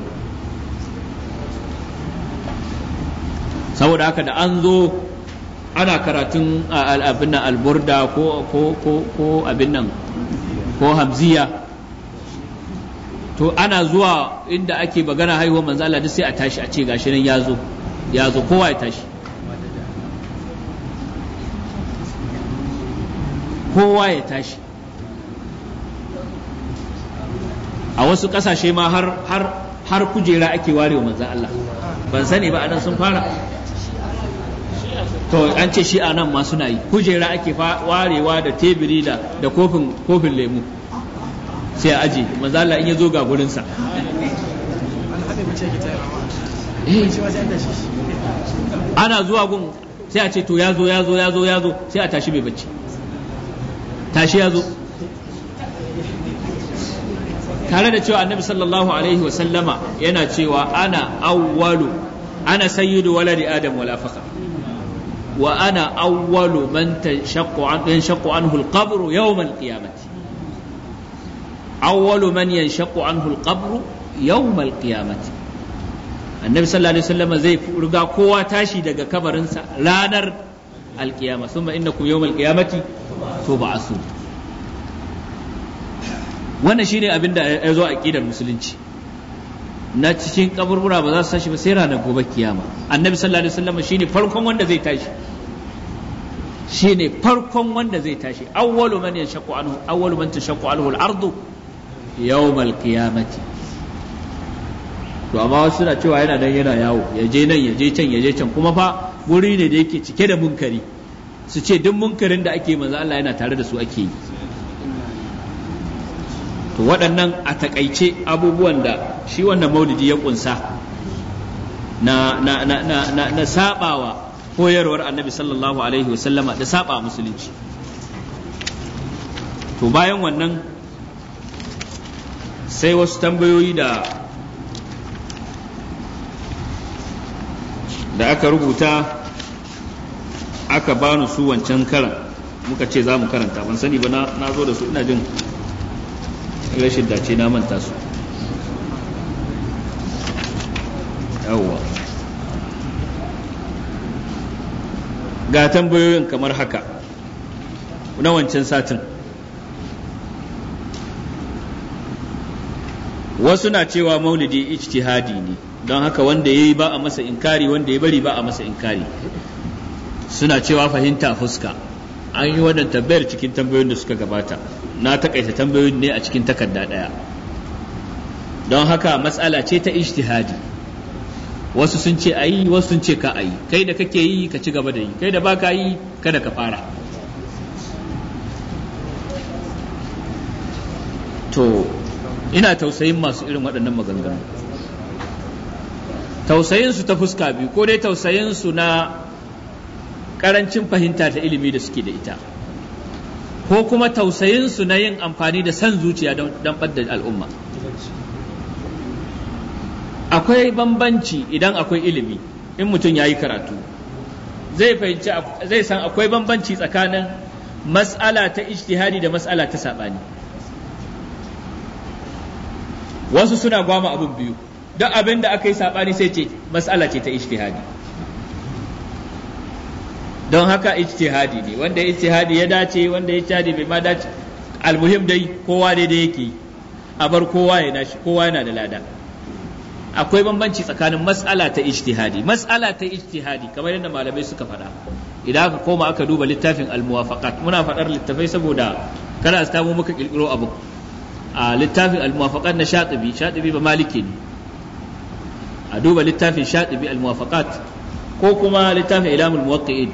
saboda haka da an zo ana karatun abin nan alburda ko abin nan ko hamziya to ana zuwa inda ake bagana haihuwar manzo Allah sai a tashi a ce gashi nan ya zo ya zo kowa ya tashi kowa ya tashi a wasu kasashe ma har har har kujera ake warewa manzan Allah ban sani ba anan sun fara to an ce shi anan ma suna yi kujera ake warewa da tebiri da da kofin kofin lemu sai a aje manzan Allah in ya zo ga gurinsa eh. ana zuwa gun sai a ce to ya zo ya zo ya zo ya zo sai a tashi bai bacci tashi ya zo tare da cewa annabi sallallahu alaihi wa sallama yana cewa ana awwalu ana sayyidu waladi adam wala faqa wa ana awwalu man tashaqqu an yanshaqqu anhu al-qabr yawm al-qiyamati awwalu man yanshaqqu anhu al-qabr yawm al-qiyamati annabi sallallahu alaihi wasallam zai riga kowa tashi daga kabarinsa ranar alkiyama summa innakum yawm alqiyamati to ba asu wannan shine abin da ya zo a ƙidar musulunci na cikin kaburbura ba za su tashi ba sai ranar gobe kiyama annabi sallallahu alaihi wasallam shine farkon wanda zai tashi shine farkon wanda zai tashi awwalu man yashaqu anhu awwalu man tashaqqu anhu al-ardu yawm al-qiyamati to amma wasu suna cewa yana nan yana yawo ya je nan ya je can ya je can kuma fa guri ne da yake cike da munkari su ce duk munkarin da ake maza Allah yana tare da su ake yi to waɗannan a takaice abubuwan da shi wannan maulidi ya ƙunsa, na na na na na, na sabawa koyarwar annabi sallallahu alaihi wasallama da saba musulunci to bayan wannan sai wasu tambayoyi da da aka rubuta aka bani su wancan karan muka ce za mu karanta ban sani ba na zo da su ina jin rashin dace na manta su yawwa ga tambayoyin kamar haka na wancan satin wasu na cewa maulidi ijtihadi ne don haka wanda ya yi ba a masa inkari wanda ya bari ba a masa inkari suna cewa fahimta fuska an yi wannan tambayar cikin tambayoyin da suka gabata na takaita tambayoyin ne a cikin takarda ɗaya don haka matsala ce ta ijtihadi wasu sun ce ayi wasu sun ce ka ayi kai da kake yi ka ci gaba da yi kai da baka yi kada ka fara to ina tausayin masu irin waɗannan maganganu tausayin su ta fuska biyu ko dai tausayin su na karancin fahimta ta ilimi da suke da ita ko kuma tausayinsu na yin amfani da san zuciya don ɓadda al'umma akwai bambanci idan akwai ilimi in mutum ya yi karatu zai fahimci zai san akwai bambanci tsakanin mas'ala ta ijtihadi da mas'ala ta saɓani wasu suna gwama abin biyu duk abin da aka yi saɓani sai ce mas'ala ce ta ijtihadi don haka ijtihadi ne wanda ijtihadi ya dace wanda ya ijtihadi bai ma dace almuhim dai kowa dai da yake a bar kowa ya nashi kowa yana da lada akwai bambanci tsakanin mas'ala ta ijtihadi mas'ala ta ijtihadi kamar yadda malamai suka faɗa idan aka koma aka duba littafin almuwafaqat muna faɗar littafai saboda kada su tamo muka kirkiro abu a littafin almuwafaqat na shatibi shatibi ba maliki ne a duba littafin shatibi almuwafaqat ko kuma littafin ilamul muwaqqi'in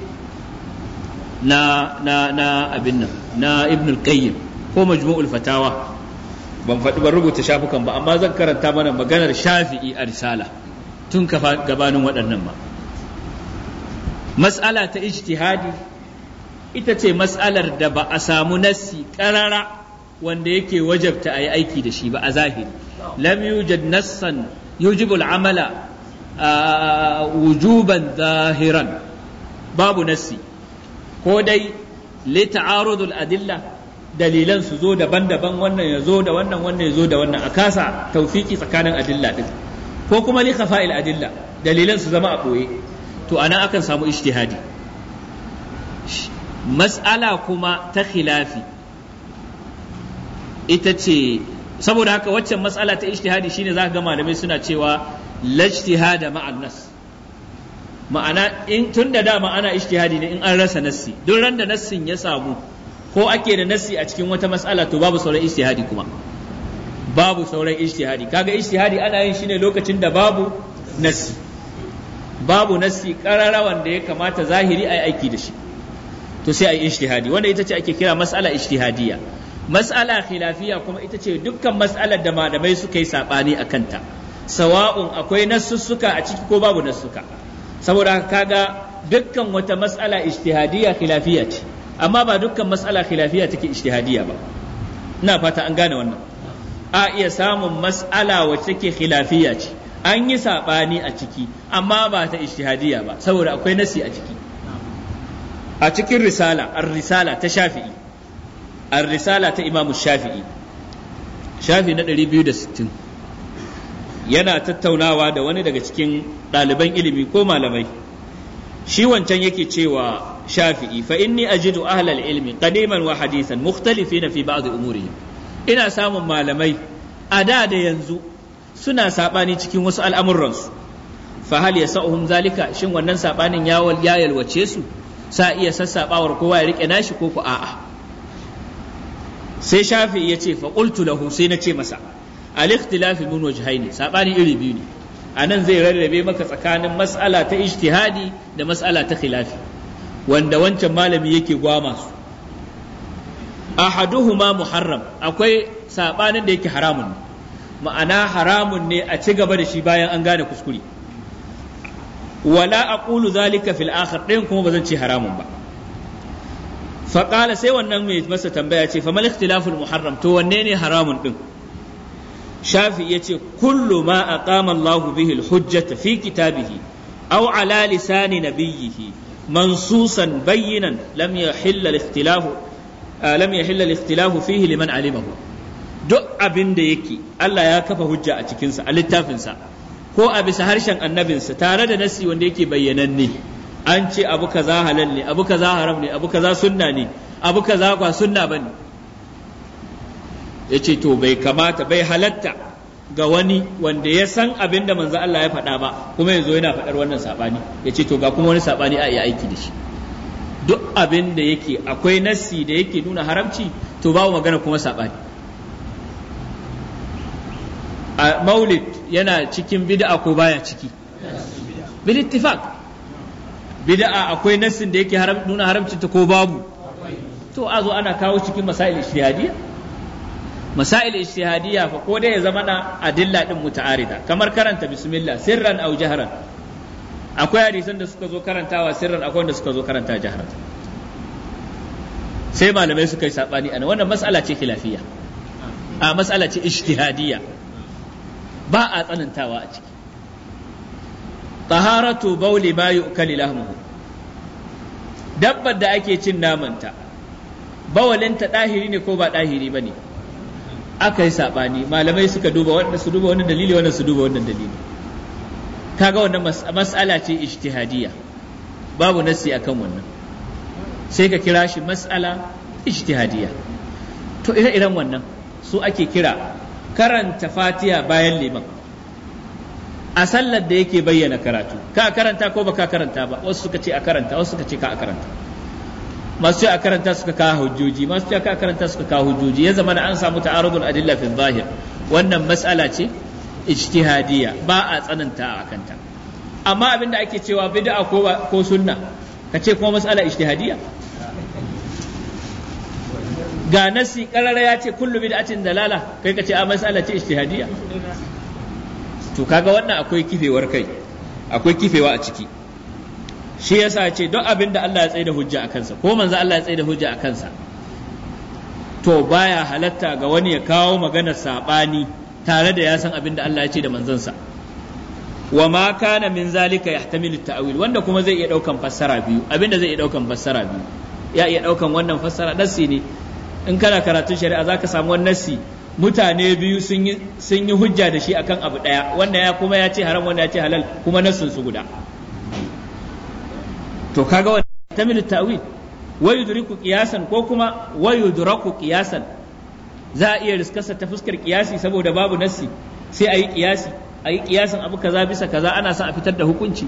na na na abin nan na ibn al-qayyim ko majmu'ul fatawa ban faɗi ban rubuta shafukan ba amma zan karanta mana maganar shafi'i a risala tun gabanin waɗannan ma mas'ala ta ijtihadi ita ce mas'alar da ba a samu nassi ƙarara wanda yake wajabta a yi aiki da shi ba a zahiri lam yujad nassan yujibu al'amala wujuban zahiran babu nassi ko dai li ta'arudul adilla dalilan su zo daban-daban wannan ya zo da wannan wannan ya zo da wannan a kasa tawfiki tsakanin adilla din ko kuma li khafa'il adilla dalilan su zama a boye to ana akan samu ijtihadi mas'ala kuma ta khilafi ita ce saboda haka waccan mas'ala ta ijtihadi shine za ka ga malamai suna cewa lajtihada ma'an nas ma'ana in tun da dama ana ijtihadi ne in an rasa nassi duk ran da nassin ya samu ko ake da nassi a cikin wata mas'ala to babu sauran ijtihadi kuma babu sauran ijtihadi kaga ijtihadi ana yin shine lokacin da babu nassi babu nassi karara wanda ya kamata zahiri ai aiki da shi to sai ai ijtihadi wanda ita ce ake kira mas'ala ijtihadiyya mas'ala khilafiyya kuma ita ce dukkan mas'alar da malamai suka yi sabani a kanta sawa'un akwai nassussuka a ciki ko babu nassuka saboda kaga dukkan wata mas'ala ijtihadiyya khilafiyya ce amma ba dukkan mas'ala khilafiyya take ijtihadiyya ba ina fata an gane wannan a iya samun mas'ala wacce take khilafiyya ce an yi saɓani a ciki amma ba ta ijtihadiyya ba saboda akwai nasi a ciki a cikin risala ar-risala ta shafi'i ar-risala ta imamu shafi'i Shafi'i na 260 yana tattaunawa da wani daga cikin ɗaliban ilimi ko malamai shi wancan yake cewa shafi'i fa inni ajidu ahlal ilmi qadiman wa hadisan mukhtalifina fi ba'd umuri ina samun malamai a da da yanzu suna sabani cikin wasu al'amuransu fa hal yasahum zalika shin wannan sabanin ya yalwace su sa iya sassabawar kowa ya rike nashi ko ku a'a sai shafi'i ya ce fa qultu lahu sai na ce masa al-ikhtilafi min wajhaini sabani iri biyu ne anan zai rarrabe maka tsakanin mas'ala ta ijtihadi da mas'ala ta khilafi wanda wancan malami yake gwama su ahaduhuma muharram akwai sabanin da yake haramun ma'ana haramun ne a ci gaba da shi bayan an gane kuskure wala aqulu zalika fil akhir din kuma bazan ce haramun ba fa qala sai wannan mai masa tambaya ce fa mal ikhtilaful muharram to wanne ne haramun din shafi ya ce kullu ma a kamallahu bihi hujjata fi kitabihi aw ala lisani nabiyhi mansusan bayyinan lam yahill al-ikhtilaf ah, fihi liman alimahu duk abin da yake Allah ya kafa hujja a cikinsa a littafinsa ko a bisa harshen annabinsa tare da nasi wanda yake bayyananne an ce abu kaza halal ne abu kaza haram ne abu kaza sunna ne abu kaza ba sunna bane ya ce to bai kamata bai halatta ga wani wanda ya san abin da manzo Allah ya faɗa ba kuma yanzu yana faɗar wannan sabani ya ce to ga kuma wani sabani a iya aiki da shi duk abin da yake akwai nassi da yake nuna haramci to babu magana kuma sabani a maulid yana cikin bid'a ko baya ciki bil ittifaq bid'a akwai nassin da yake nuna haramci ta ko babu to a zo ana kawo cikin masail ishtihadiyya masail ijtihadiyya fa ko dai ya zama na adilla din muta'arida kamar karanta bismillah sirran aw jahran akwai hadisan da suka zo karantawa sirran akwai wanda suka zo karanta jahran sai malamai suka yi sabani ana wannan mas'ala ce khilafiyya a mas'ala ce ijtihadiyya ba a tsanantawa a ciki taharatu bauli ma yu'kali lahmuhu dabbar da ake cin namanta bawalinta ɗahiri ne ko ba ɗahiri ba ne aka yi sabani malamai suka duba wanda su duba wannan dalili wanda su duba wannan dalili kaga wannan mas'ala ce ijtihadiyya babu nassi akan wannan sai ka kira shi mas'ala ijtihadiyya to ire-iren wannan su ake kira karanta fatiha bayan liman a sallar da yake bayyana karatu ka karanta ko baka karanta ba wasu suka ce a karanta wasu suka ce ka a karanta masu a karanta suka kawo hujjoji masu ce a karanta suka kawo hujjoji ya zama da an samu ta'arudul adilla fi zahir wannan mas'ala ce ijtihadiyya ba a tsananta a kanta amma abinda ake cewa bid'a ko ko sunna kace kuma mas'ala ijtihadiyya ga nasi qarara ya ce kullu bid'atin dalala kai kace a mas'ala ce ijtihadiyya to kaga wannan akwai kifewar kai akwai kifewa a ciki shi yasa ce duk abin da Allah ya tsaye da hujja a kansa ko manzo Allah ya tsaye da hujja a kansa to baya halatta ga wani ya kawo maganar sabani tare da ya san abin da Allah ya ce da manzansa wa ma kana min zalika yahtamilu ta'wil wanda kuma zai iya daukan fassara biyu abinda zai iya daukan fassara biyu ya iya daukan wannan fassara nassi ne in kana karatun shari'a zaka samu wannan nassi mutane biyu sun yi sun yi hujja da shi akan abu daya wanda ya kuma ya ce haram wanda ya ce halal kuma nassin su guda to kaga wannan tamilu ta'wil wa yudriku qiyasan ko kuma wa yudraku qiyasan za a iya riskarsa ta fuskar qiyasi saboda babu nassi sai a yi qiyasi a yi qiyasin abu kaza bisa kaza ana son a fitar da hukunci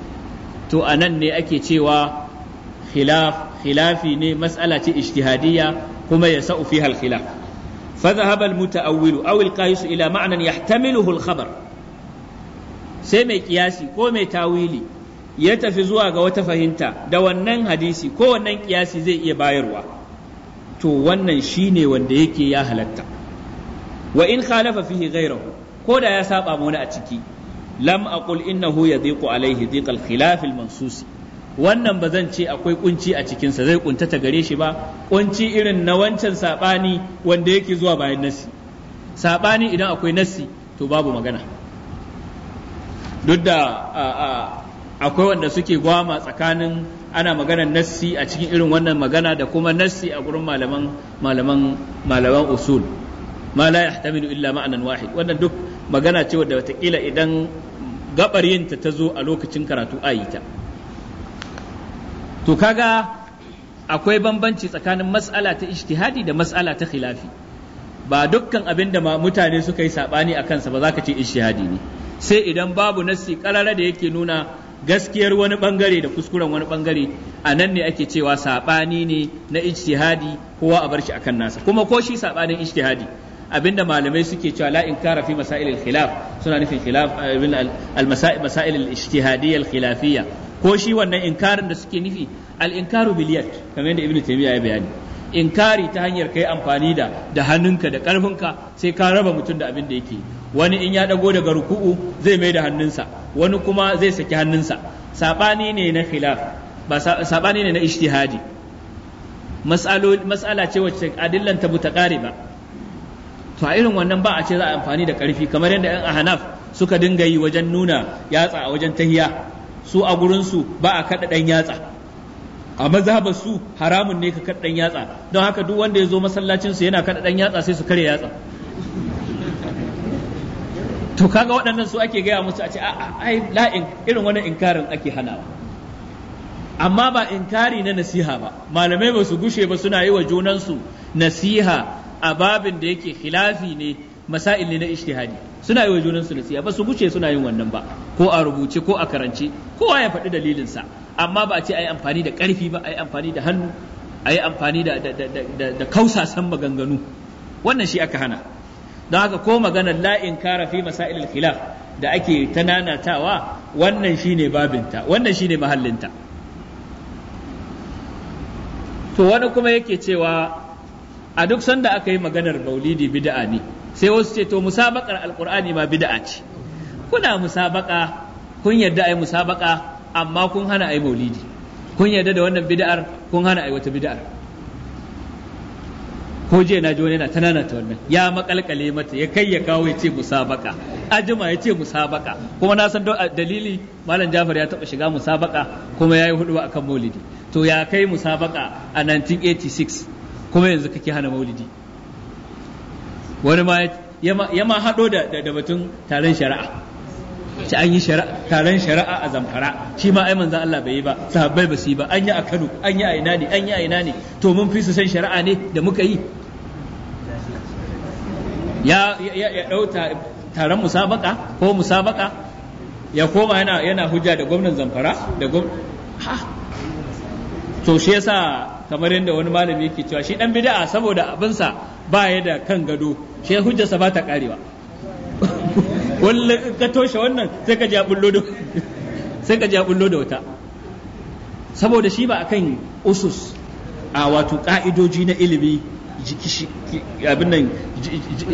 to anan ne ake cewa khilaf khilafi ne mas'ala ce ijtihadiyya kuma ya sa'u fiha al-khilaf fa dhahaba al-muta'awwilu aw al-qais ila ma'nan yahtamiluhu al-khabar sai mai qiyasi ko mai tawili ya tafi zuwa ga wata fahimta da wannan hadisi ko wannan kiyasi zai iya bayarwa to wannan shine wanda yake ya halatta wa in khalafa fihi ghayrahu ko da ya saba wani a ciki lam aqul innahu yadiqu alaihi diqal khilaf al mansusi wannan ba zan ce akwai kunci a cikinsa zai kuntata gare shi ba kunci irin na wancan sabani wanda yake zuwa bayan nasi sabani idan akwai nasi to babu magana duk da akwai wanda suke gwama tsakanin ana maganar nassi a cikin irin wannan magana da kuma nassi a gurin malaman malaman malaman usul ma la yahtamilu illa manan wahid wannan duk magana ce wadda watakila idan gabar yinta ta zo a lokacin karatu ayita to kaga akwai bambanci tsakanin mas'ala ta ijtihadi da mas'ala ta khilafi ba dukkan abin da mutane suka yi sabani a kansa ba za ka ce ijtihadi ne sai idan babu nassi karara da yake nuna gaskiyar wani bangare da kuskuren wani bangare a nan ne ake cewa saɓani ne na ijtihadi kowa a bar shi akan nasa kuma ko shi saɓanin ijtihadi abinda malamai suke cewa la in kara fi masail khilaf suna nufin khilaf ibn al masail masail al ijtihadiyya al khilafiyya ko shi wannan inkarin da suke nufi al inkaru bil yad kamar yadda ibn taymiya ya bayani inkari ta hanyar kai amfani da da hannunka da karfinka sai ka raba mutum da abin da yake wani in ya dago daga ruku'u zai mai da hannunsa wani kuma zai saki hannunsa sabani ne na khilaf ba sabani ne na ijtihadi mas'ala ce wacce adillan ta buta kare ba to a irin wannan ba a ce za a amfani da karfi kamar yadda yan ahnaf suka dinga yi wajen nuna yatsa a wajen tahiya su a gurin su ba a kada dan yatsa a mazhabar su haramun ne ka ɗan yatsa don haka duk wanda ya zo masallacin su yana ɗan yatsa sai su kare yatsa to kaga waɗannan su ake gaya musu a ce ai la'in irin wani inkarin ake hanawa amma ba inkari na nasiha ba malamai ba su gushe ba suna yi wa junansu nasiha a babin da yake khilafi ne masail ne na ijtihadi suna yi wa junansu nasiha ba su gushe suna yin wannan ba ko a rubuce ko a karance kowa ya faɗi dalilinsa amma ba a ce a yi amfani da ƙarfi ba a yi amfani da hannu a yi amfani da kausasan maganganu wannan shi aka hana don haka ko maganar la'in kara fi al khilaf da ake ta nanatawa wannan shine babinta wannan shine mahallinta to wani kuma yake cewa a duk sanda aka yi maganar maulidi bid'a ne sai wasu ce to musabakar alqur'ani ma bid'a ce kuna musabaka kun yarda ai musabaka amma kun hana a yi maulidi kun yarda da wannan bid'ar kun hana a yi wata bid'ar ko je na ji wani yana tanana ta wannan ya makalkale mata ya kai ya kawo ya ce musabaka ajima ya ce musabaka kuma na san dalili malam Jafar ya taba shiga musabaka kuma ya yayi hudu akan maulidi to ya kai musabaka a 1986 kuma yanzu kake hana maulidi wani ma ya ma haɗo da batun taron shari'a ce an yi taron shari'a a zamfara shi ma ai manzan Allah bai yi ba sahabbai ba su yi ba an yi a Kano an yi a ina ne an yi a ina ne to mun fi su san shari'a ne da muka yi ya ya dau taron musabaka ko musabaka ya koma yana yana hujja da gwamnan zamfara da gwamnan? ha to shi yasa kamar yadda wani malami yake cewa shi dan bid'a saboda abinsa ba ya da kan gado shi hujjarsa ba ta karewa wallan ka toshe wannan sai ka ji bullo da sai ka ji bullo da wata saboda shi ba akan usus a wato ka'idoji na ilimi abin nan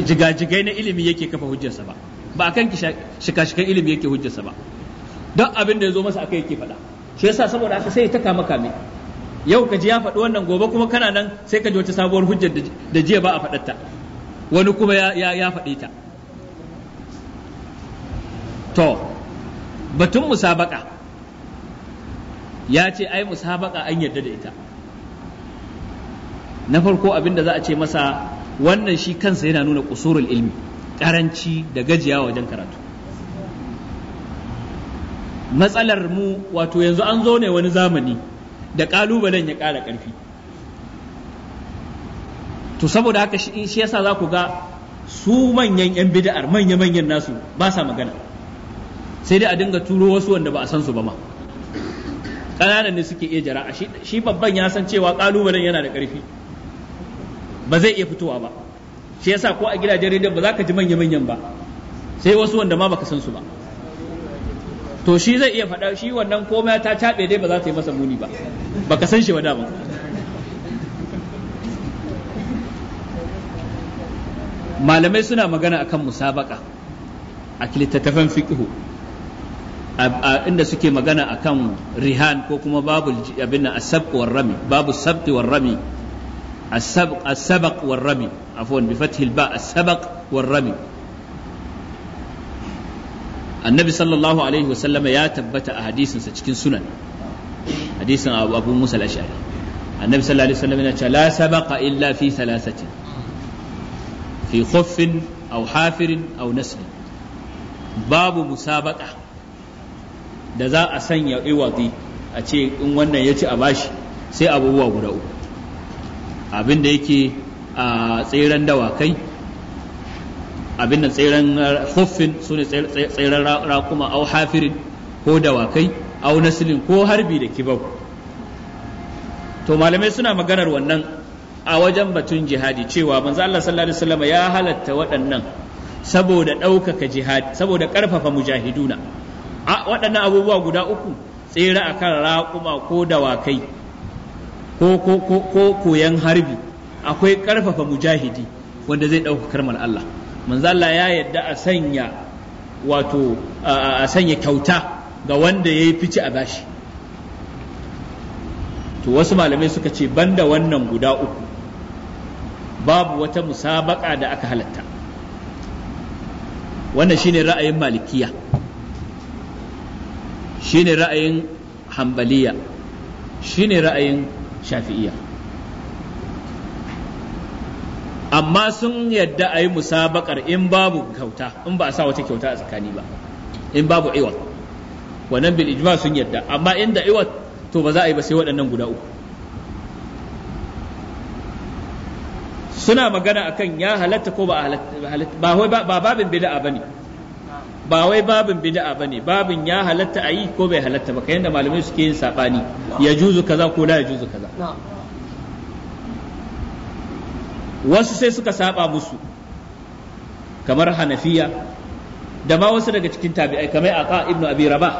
jigajigai na ilimi yake kafa hujjarsa ba ba akan shika-shikan ilimi yake hujjarsa ba don abin da ya zo masa akai yake faɗa shi yasa saboda haka sai ta maka kame yau ka ji ya faɗi wannan gobe kuma kana nan sai ka ji wata sabuwar hujjar da jiya ba a faɗarta wani kuma ya faɗi ta to batun musabaka ya ce ai musabaka an yarda da ita na farko abinda da za a ce masa wannan shi kansa yana nuna kusurul ilmi karanci da gajiya wajen karatu matsalar mu wato yanzu an zo ne wani zamani da ƙalubalen ya ƙara ƙarfi to saboda haka shi yasa za ku ga su manyan 'yan bida'ar manya-manyan nasu ba sa magana sai dai a dinga turo wasu wanda ba a san su ba ma ƙananan ne suke iya jara'a shi babban ya san cewa ƙalubalen yana da ƙarfi ba zai iya fitowa ba shi yasa ko a gidajen rediyo ba za ka ji manya-manyan ba sai wasu wanda ma baka san su ba to shi zai iya faɗa shi wannan komai ta caɓe dai ba za ta yi masa muni ba baka san shi ba da ba malamai suna magana akan musabaka a littattafan fiqhu inda suke magana a kan rihan ko kuma babu abin nan asabq war rami babu sabti war rami asabq asabq war rami afwan bi fathi al ba asabq war rami annabi sallallahu alaihi wasallam ya tabbata a hadisin sa cikin sunan hadisin abu musa al-ashari annabi sallallahu alaihi wasallam yana cewa la sabaqa illa fi thalathatin fi khuffin aw hafirin aw nasl babu musabaqa da za a sanya iwazi a ce in wannan ya ci a bashi sai abubuwa guda uku abin da yake a tseren dawakai abin da tseren huffin su ne tseren raƙuma au hafirin ko dawakai au nasilin ko harbi da kibau to malamai suna maganar wannan a wajen batun jihadi cewa manzo Allah sallallahu alaihi wasallam ya halatta waɗannan saboda ɗaukaka jihadi, saboda ƙarfafa mujahiduna waɗannan abubuwa guda uku tsere a kan raƙuma ko dawakai ko koyan harbi akwai ƙarfafa mujahidi wanda zai ɗauka karmar Allah Manzala ya yadda a sanya wato a sanya kyauta ga wanda ya yi fice a bashi to wasu malamai suka ce banda wannan guda uku babu wata musabaka da aka halatta wannan shine ra'ayin malikiya shine ra'ayin hambaliya shine ra'ayin shafi'iya amma sun yadda a yi musabakar in babu kyauta in ba a sa wata kyauta a tsakani ba in babu iwat wannan bil ijma sun yadda amma inda iwat to ba za a yi ba sai waɗannan guda uku suna magana akan ya halatta ko ba halatta ba babin bid'a bane ba wai babin bid'a bane babin ya halatta a yi ko bai halatta ba kayan malamai suke yin sabani ya juzu kaza ko la ya juzu kaza wasu sai suka saba musu kamar hanafiya da ma wasu daga cikin tabi'ai kamar aka ibnu abi rabah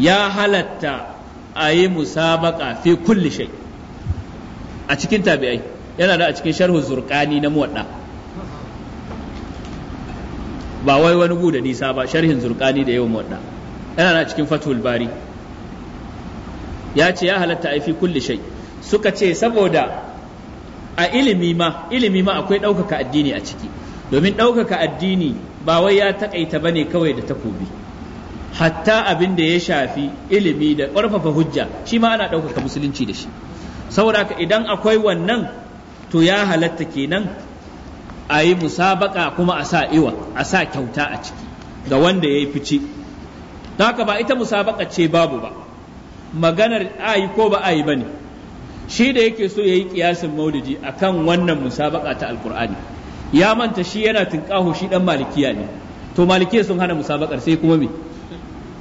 ya halatta ayi yi musabaka fi kulli shay a cikin tabi'ai yana da a cikin sharhu zurqani na muwadda ba wai wani gu da nisa ba sharhin zurkani da yawan wadda yana na cikin fatul bari ya ce ya halatta aifi kulli shai suka ce saboda a ilimi ma ilimi ma akwai ɗaukaka addini a ciki domin ɗaukaka addini ba wai ya taƙaita ne kawai da takobi hatta abin da ya shafi ilimi da ƙarfafa hujja shi ma ana ɗaukaka musulunci da shi saboda idan akwai wannan to ya halatta kenan a yi musabaka kuma a sa iwa a sa kyauta a ciki ga wanda ya yi fice haka ba ita musabaka ce babu ba maganar a ayi ko ba a ayi ba ne shi da yake so ya yi kiyasin maulidi a kan wannan musabaka ta alkur'ani ya manta shi yana tunƙaho shi ɗan malikiya ne to malikiya sun hana musabakar sai kuma me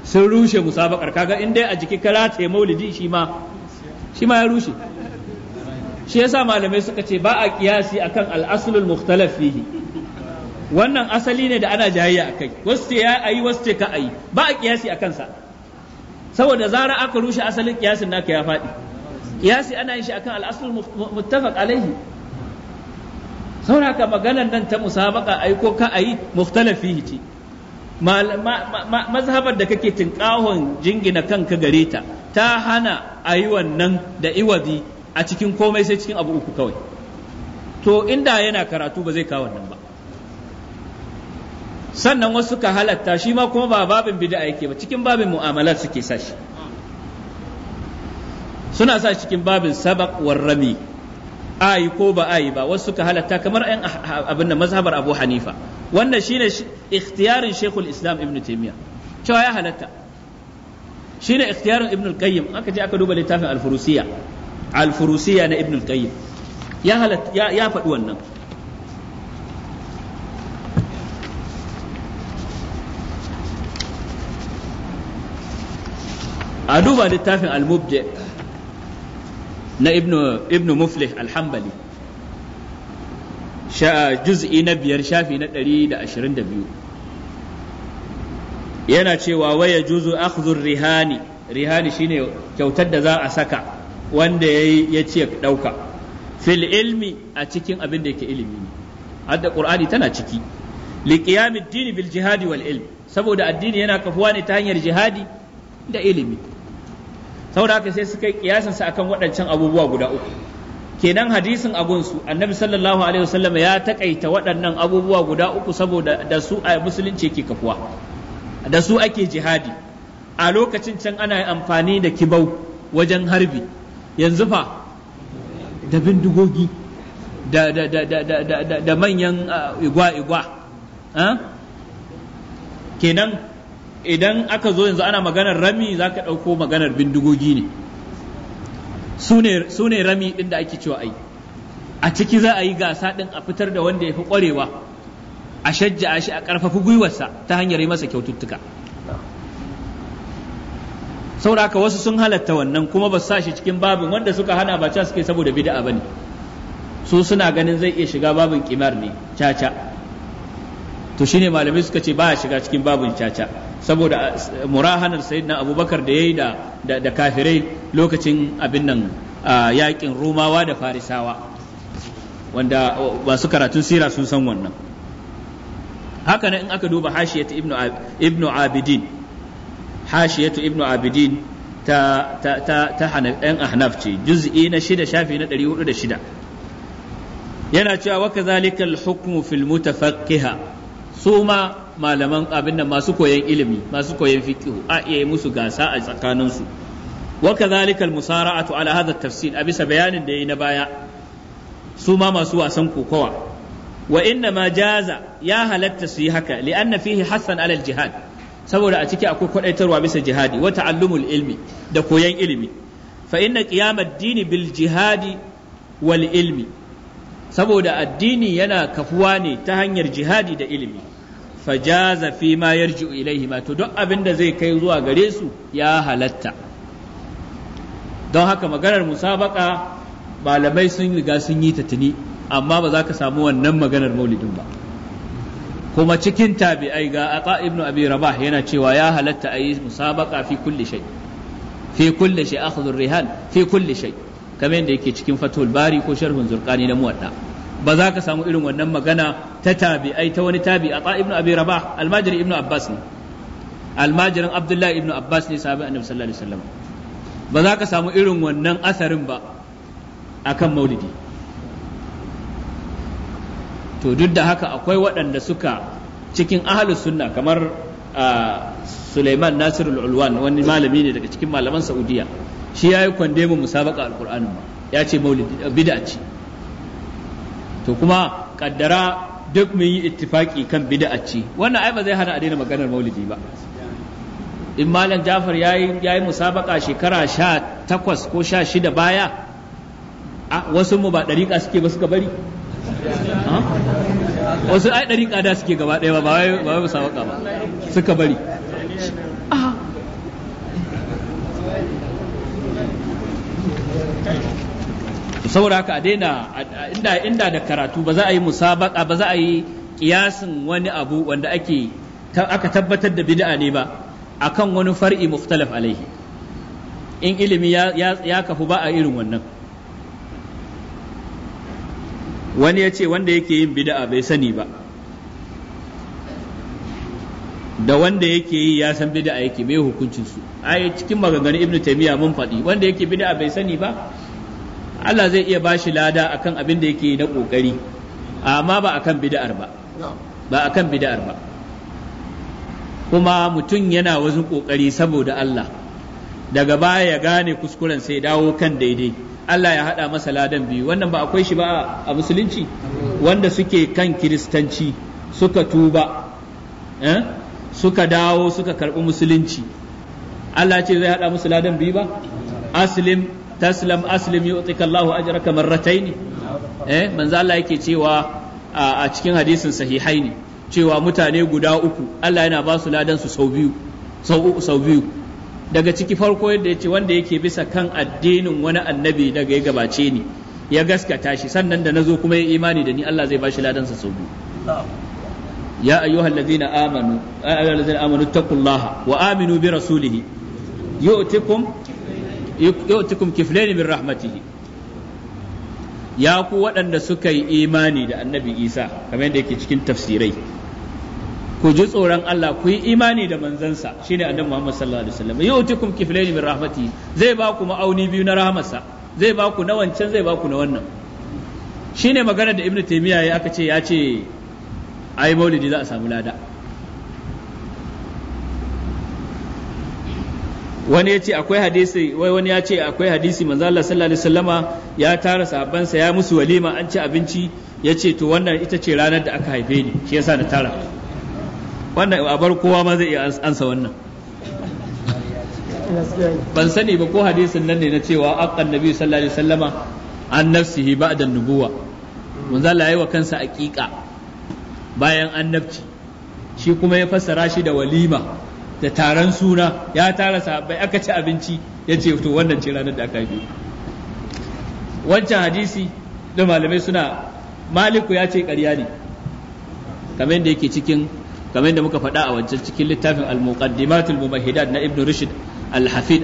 sun rushe musabakar kaga in dai a jiki kala ta maulidi shi ma shi ma ya rushe shi yasa malamai suka ce ba a kiyasi akan al-aslul mukhtalaf fihi wannan asali ne da ana jayayya akai wasu ce ya ayi wasu ce ka ayi ba a kiyasi akan sa saboda zara aka rushe asalin kiyasin naka ya faɗi kiyasi ana yin shi akan al-aslul muttafaq alaihi saboda maganar nan ta musabaka ai ko ka ayi mukhtalaf fihi ce mazhabar da kake tinkahon jingina kanka gare ta ta hana a yi wannan da iwazi a cikin komai sai cikin abu uku kawai to inda yana karatu ba zai kawo nan ba sannan wasu suka halatta shi ma kuma ba babin bid'a yake ba cikin babin mu'amalat suke sa shi suna sa cikin babin sabaq war rami ayi ko ba ayi ba wasu suka halatta kamar ayan ah, ah, abin da mazhabar Abu Hanifa wannan shine ikhtiyarin Sheikhul Islam Ibn Taymiyyah cewa ya halatta shine ikhtiyarin Ibn Qayyim aka je aka duba littafin Al-Furusiyya Alfurusiya na ibn al-qayyim ya halatta ya faɗi wannan a duba littafin al-mubda na ibn muflih al-hanbali juz'i na biyar shafi na 122 yana cewa waya juzu akhdhu rihani rihani shine kyautar da za a saka wanda ya ce ɗauka fil ilmi a cikin abin da yake ilimi ne hadda qur'ani tana ciki li qiyamid dini bil jihadi wal ilmi saboda addini yana kafuwa ne ta hanyar jihadi da ilimi saboda haka sai suka yi kiyasansa akan waɗancan abubuwa guda uku kenan hadisin su annabi sallallahu alaihi wasallam ya takaita waɗannan abubuwa guda uku saboda da su a musulunci ke kafuwa da su ake jihadi a lokacin can ana amfani da kibau wajen harbi yanzu fa da bindigogi da manyan igwa-igwa ah, ah? kenan idan aka zo yanzu ana maganar rami za ka ɗauko maganar bindigogi ne su ne rami ɗin da ake cewa ai a ciki za a yi gasa ɗin a fitar da wanda ya fi ƙwarewa a shajja shi a ƙarfafi gwiwarsa ta hanyar yi masa kyaututtuka saboda wasu sun halatta wannan kuma ba sa shi cikin babin wanda suka hana ba ca suke saboda bid'a bane su suna ganin zai iya shiga babin kimar ne caca to shine malamai suka ce ba shiga cikin babin caca saboda eh, murahanar sayyidina abubakar da yayi da da kafirai lokacin abin nan yakin rumawa da farisawa wanda oh, masu karatun sira sun san wannan haka in aka duba hashiyat ibnu abidin hashiyatu ibnu abidin ta ta ta ta yan ahnaf ce juz'i na shida shafi na shida. yana cewa wa kadhalika al-hukmu fil mutafaqqiha su ma malaman abin nan masu koyon ilimi masu koyon fiqhu a iya musu gasa a tsakaninsu wa kadhalika al-musara'atu ala hadha at a bisa bayanin da ya yi na baya su ma masu wasan kokawa. wa inna ma ya halatta su yi haka li'anna fihi hasan ala al-jihad saboda a ciki akwai kwadaitarwa bisa jihadi wa ta'allumul ilmi da koyan ilimi fa inna qiyamad dini bil jihadi wal ilmi saboda addini yana kafuwa ne ta hanyar jihadi da ilimi fajaza fi ma yarji'u ilaihi ma to duk abin da zai kai zuwa gare su ya halatta don haka maganar musabaka malamai sun riga sun yi ta tuni amma ba za ka samu wannan maganar maulidin ba kuma cikin tabi'ai ga ata ibnu abi rabah yana cewa ya halatta a yi musabaqa fi kulli shay fi kulli shay akhdhu rihal fi kulli shay kamar yadda yake cikin fatul bari ko sharhun zurqani na muwadda ba za ka samu irin wannan magana ta tabi'ai ta wani tabi ata ibnu abi rabah almajiri ibnu abbas ne almajirin abdullahi ibnu abbas ne sahabi annabi sallallahu alaihi wasallam ba za ka samu irin wannan asarin ba akan maulidi to duk da haka akwai waɗanda suka cikin ahalus sunna kamar Suleiman Nasirul Ulwan wani malami ne daga cikin malaman Saudiya shi yayi kwande mu musabaka alqur'anin ma ya ce maulidi bid'a to kuma kaddara duk mun yi ittifaki kan bid'a ce wannan ai ba zai hana a daina maganar maulidi ba in malam Jafar yayi yayi musabaka shekara 18 ko 16 baya wasu mu ba dariƙa suke ba suka bari wasu ai ɗari ƙada suke gaba ɗaya ba ba wai ba wai ba suka bari ah. saboda haka a daina inda inda da karatu ba za a yi musabaka ba za a yi kiyasin wani abu wanda ake aka tabbatar da bid'a ne ba akan wani far'i muftalaf alaihi in ilimi ya kafu ba a irin wannan wani ya ce wanda yake yin bid'a bai sani ba da wanda yake yi ya san bid'a yake mai hukuncin su ai cikin maganganun ibnu taymiya mun faɗi wanda yake bid'a bai sani ba Allah zai iya bashi lada akan abin da yake yi na kokari amma ba akan bida'ar ba ba akan bida'ar ba kuma mutum yana wajen kokari saboda Allah daga baya ya gane kuskuren sai dawo kan daidai Allah ya haɗa masa ladan biyu wannan ba akwai shi ba a musulunci wanda suke kan kiristanci suka tuba eh? suka dawo suka karɓi musulunci Allah ce zai haɗa musu ladan biyu ba aslim taslam aslim yu'tika Allahu ajraka marrataini eh manzo Allah yake cewa a cikin hadisin sahihaini cewa mutane guda uku Allah yana ba su ladan su sau biyu sau biyu daga ciki farko yadda ya ce wanda yake bisa kan addinin wani annabi daga ya gabace ni ya gaskata shi sannan da nazo kuma ya imani da ni Allah zai bashi ladan sa biyu ya ayyuhal ladina amanu ayyuhal ladina amanu taqullaha wa aminu bi rasulihi yu'tikum yu'tikum kiflayn min rahmatihi ya ku waɗanda suka yi imani da annabi Isa kamar yadda yake cikin tafsirai ku ji tsoron Allah ku yi imani da manzansa shine annabi Muhammad sallallahu alaihi wasallam yu'tikum kiflaini min rahmati zai ba ku ma'auni biyu na rahmarsa zai ba ku na wancan zai ba ku na wannan shine magana da Ibn Taymiyyah ya aka ce ya ce ai maulidi za a samu lada wani ya ce akwai hadisi wai wani ya ce akwai hadisi manzo Allah sallallahu alaihi wasallama ya tara sahabbansa ya musu walima an ci abinci ya ce to wannan ita ce ranar da aka haife ni shi yasa na tara wannan a bar kowa ma zai iya ansa wannan ban sani ba ko hadisin nan ne na cewa aqan nabi sallallahu alaihi wasallama an nafsihi ba'da nubuwa manzo Allah yayi wa kansa aqiqa bayan annabci shi kuma ya fassara shi da walima da taron suna ya tara sahabbai aka ci abinci ya ce to wannan ce ranar da aka yi wancan hadisi da malamai suna maliku ya ce ƙarya ne kamar yadda yake cikin kamar da muka faɗa a wancan cikin littafin al-muqaddimatul mumahidat na ibnu rushd al-hafid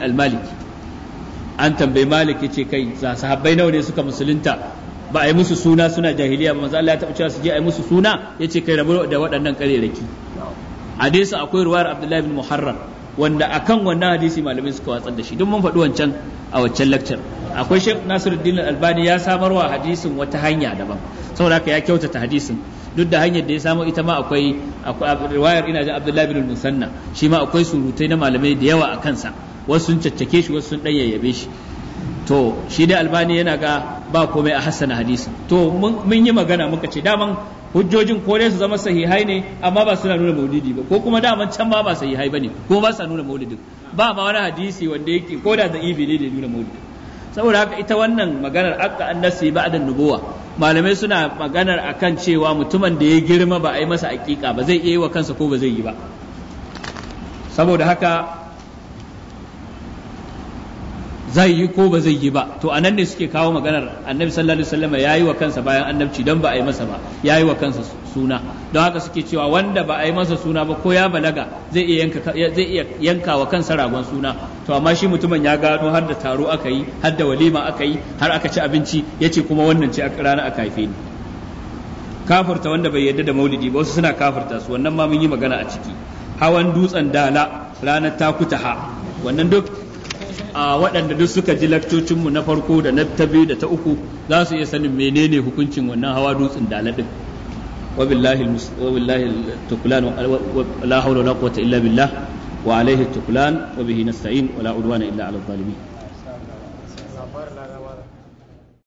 an tambayi malik ce kai za sahabbai nawa ne suka musulunta ba a yi musu suna suna jahiliya ba manzo Allah ya taɓa cewa su je musu suna yace kai rabu da waɗannan ƙarerake hadisi akwai ruwayar abdullahi bin muharram wanda akan wannan hadisi malamin suka watsar da shi duk mun faɗi wancan a waccan lakcar akwai Sheikh Nasiruddin Albani ya samarwa hadisin wata hanya daban saboda haka ya kyautata hadisin duk da hanyar da ya samu ita ma akwai riwayar ina jin Abdullahi bin Musanna shi ma akwai surutai na malamai da yawa a kansa wasu sun caccake shi wasu sun dan yayyabe shi to shi dai Albani yana ga ba komai a hassana hadisin to mun yi magana muka ce daman hujjojin ko dai su zama sahihai ne amma ba suna nuna maulidi ba ko kuma daman can ma ba sahihai bane ko ba sa nuna maulidi ba ma wani hadisi wanda yake ko da da'ibi ne da nuna maulidi saboda haka ita wannan maganar akka annasi da nubuwa malamai suna maganar akan cewa mutumin da ya girma ba a yi masa aqiqa ba zai iya yi wa kansa ko ba zai yi ba saboda haka zai yi ko ba zai yi ba to anan ne suke kawo maganar annabi sallallahu alaihi wasallam yayi wa kansa bayan annabci dan ba a yi masa ba yayi wa kansa suna don haka suke cewa wanda ba a yi masa suna ba ko ya balaga zai iya yanka zai iya yanka wa kansa ragon suna to amma shi mutumin ya gano har da taro aka yi har da walima aka yi har aka ci abinci yace kuma wannan ce rana aka haife ni kafirta wanda bai yarda da maulidi ba wasu suna kafirta su wannan ma mun yi magana a ciki hawan dutsen dala ranar takutaha wannan duk a waɗanda duk suka ji lakcocinmu na farko da na ta biyu da ta uku za su iya sanin menene hukuncin wannan hawa dutsen daladin wabillahi wabillahi tuklan la hawla wala quwwata illa billah wa alaihi tuklan wa bihi nasta'in wala udwana illa ala zalimin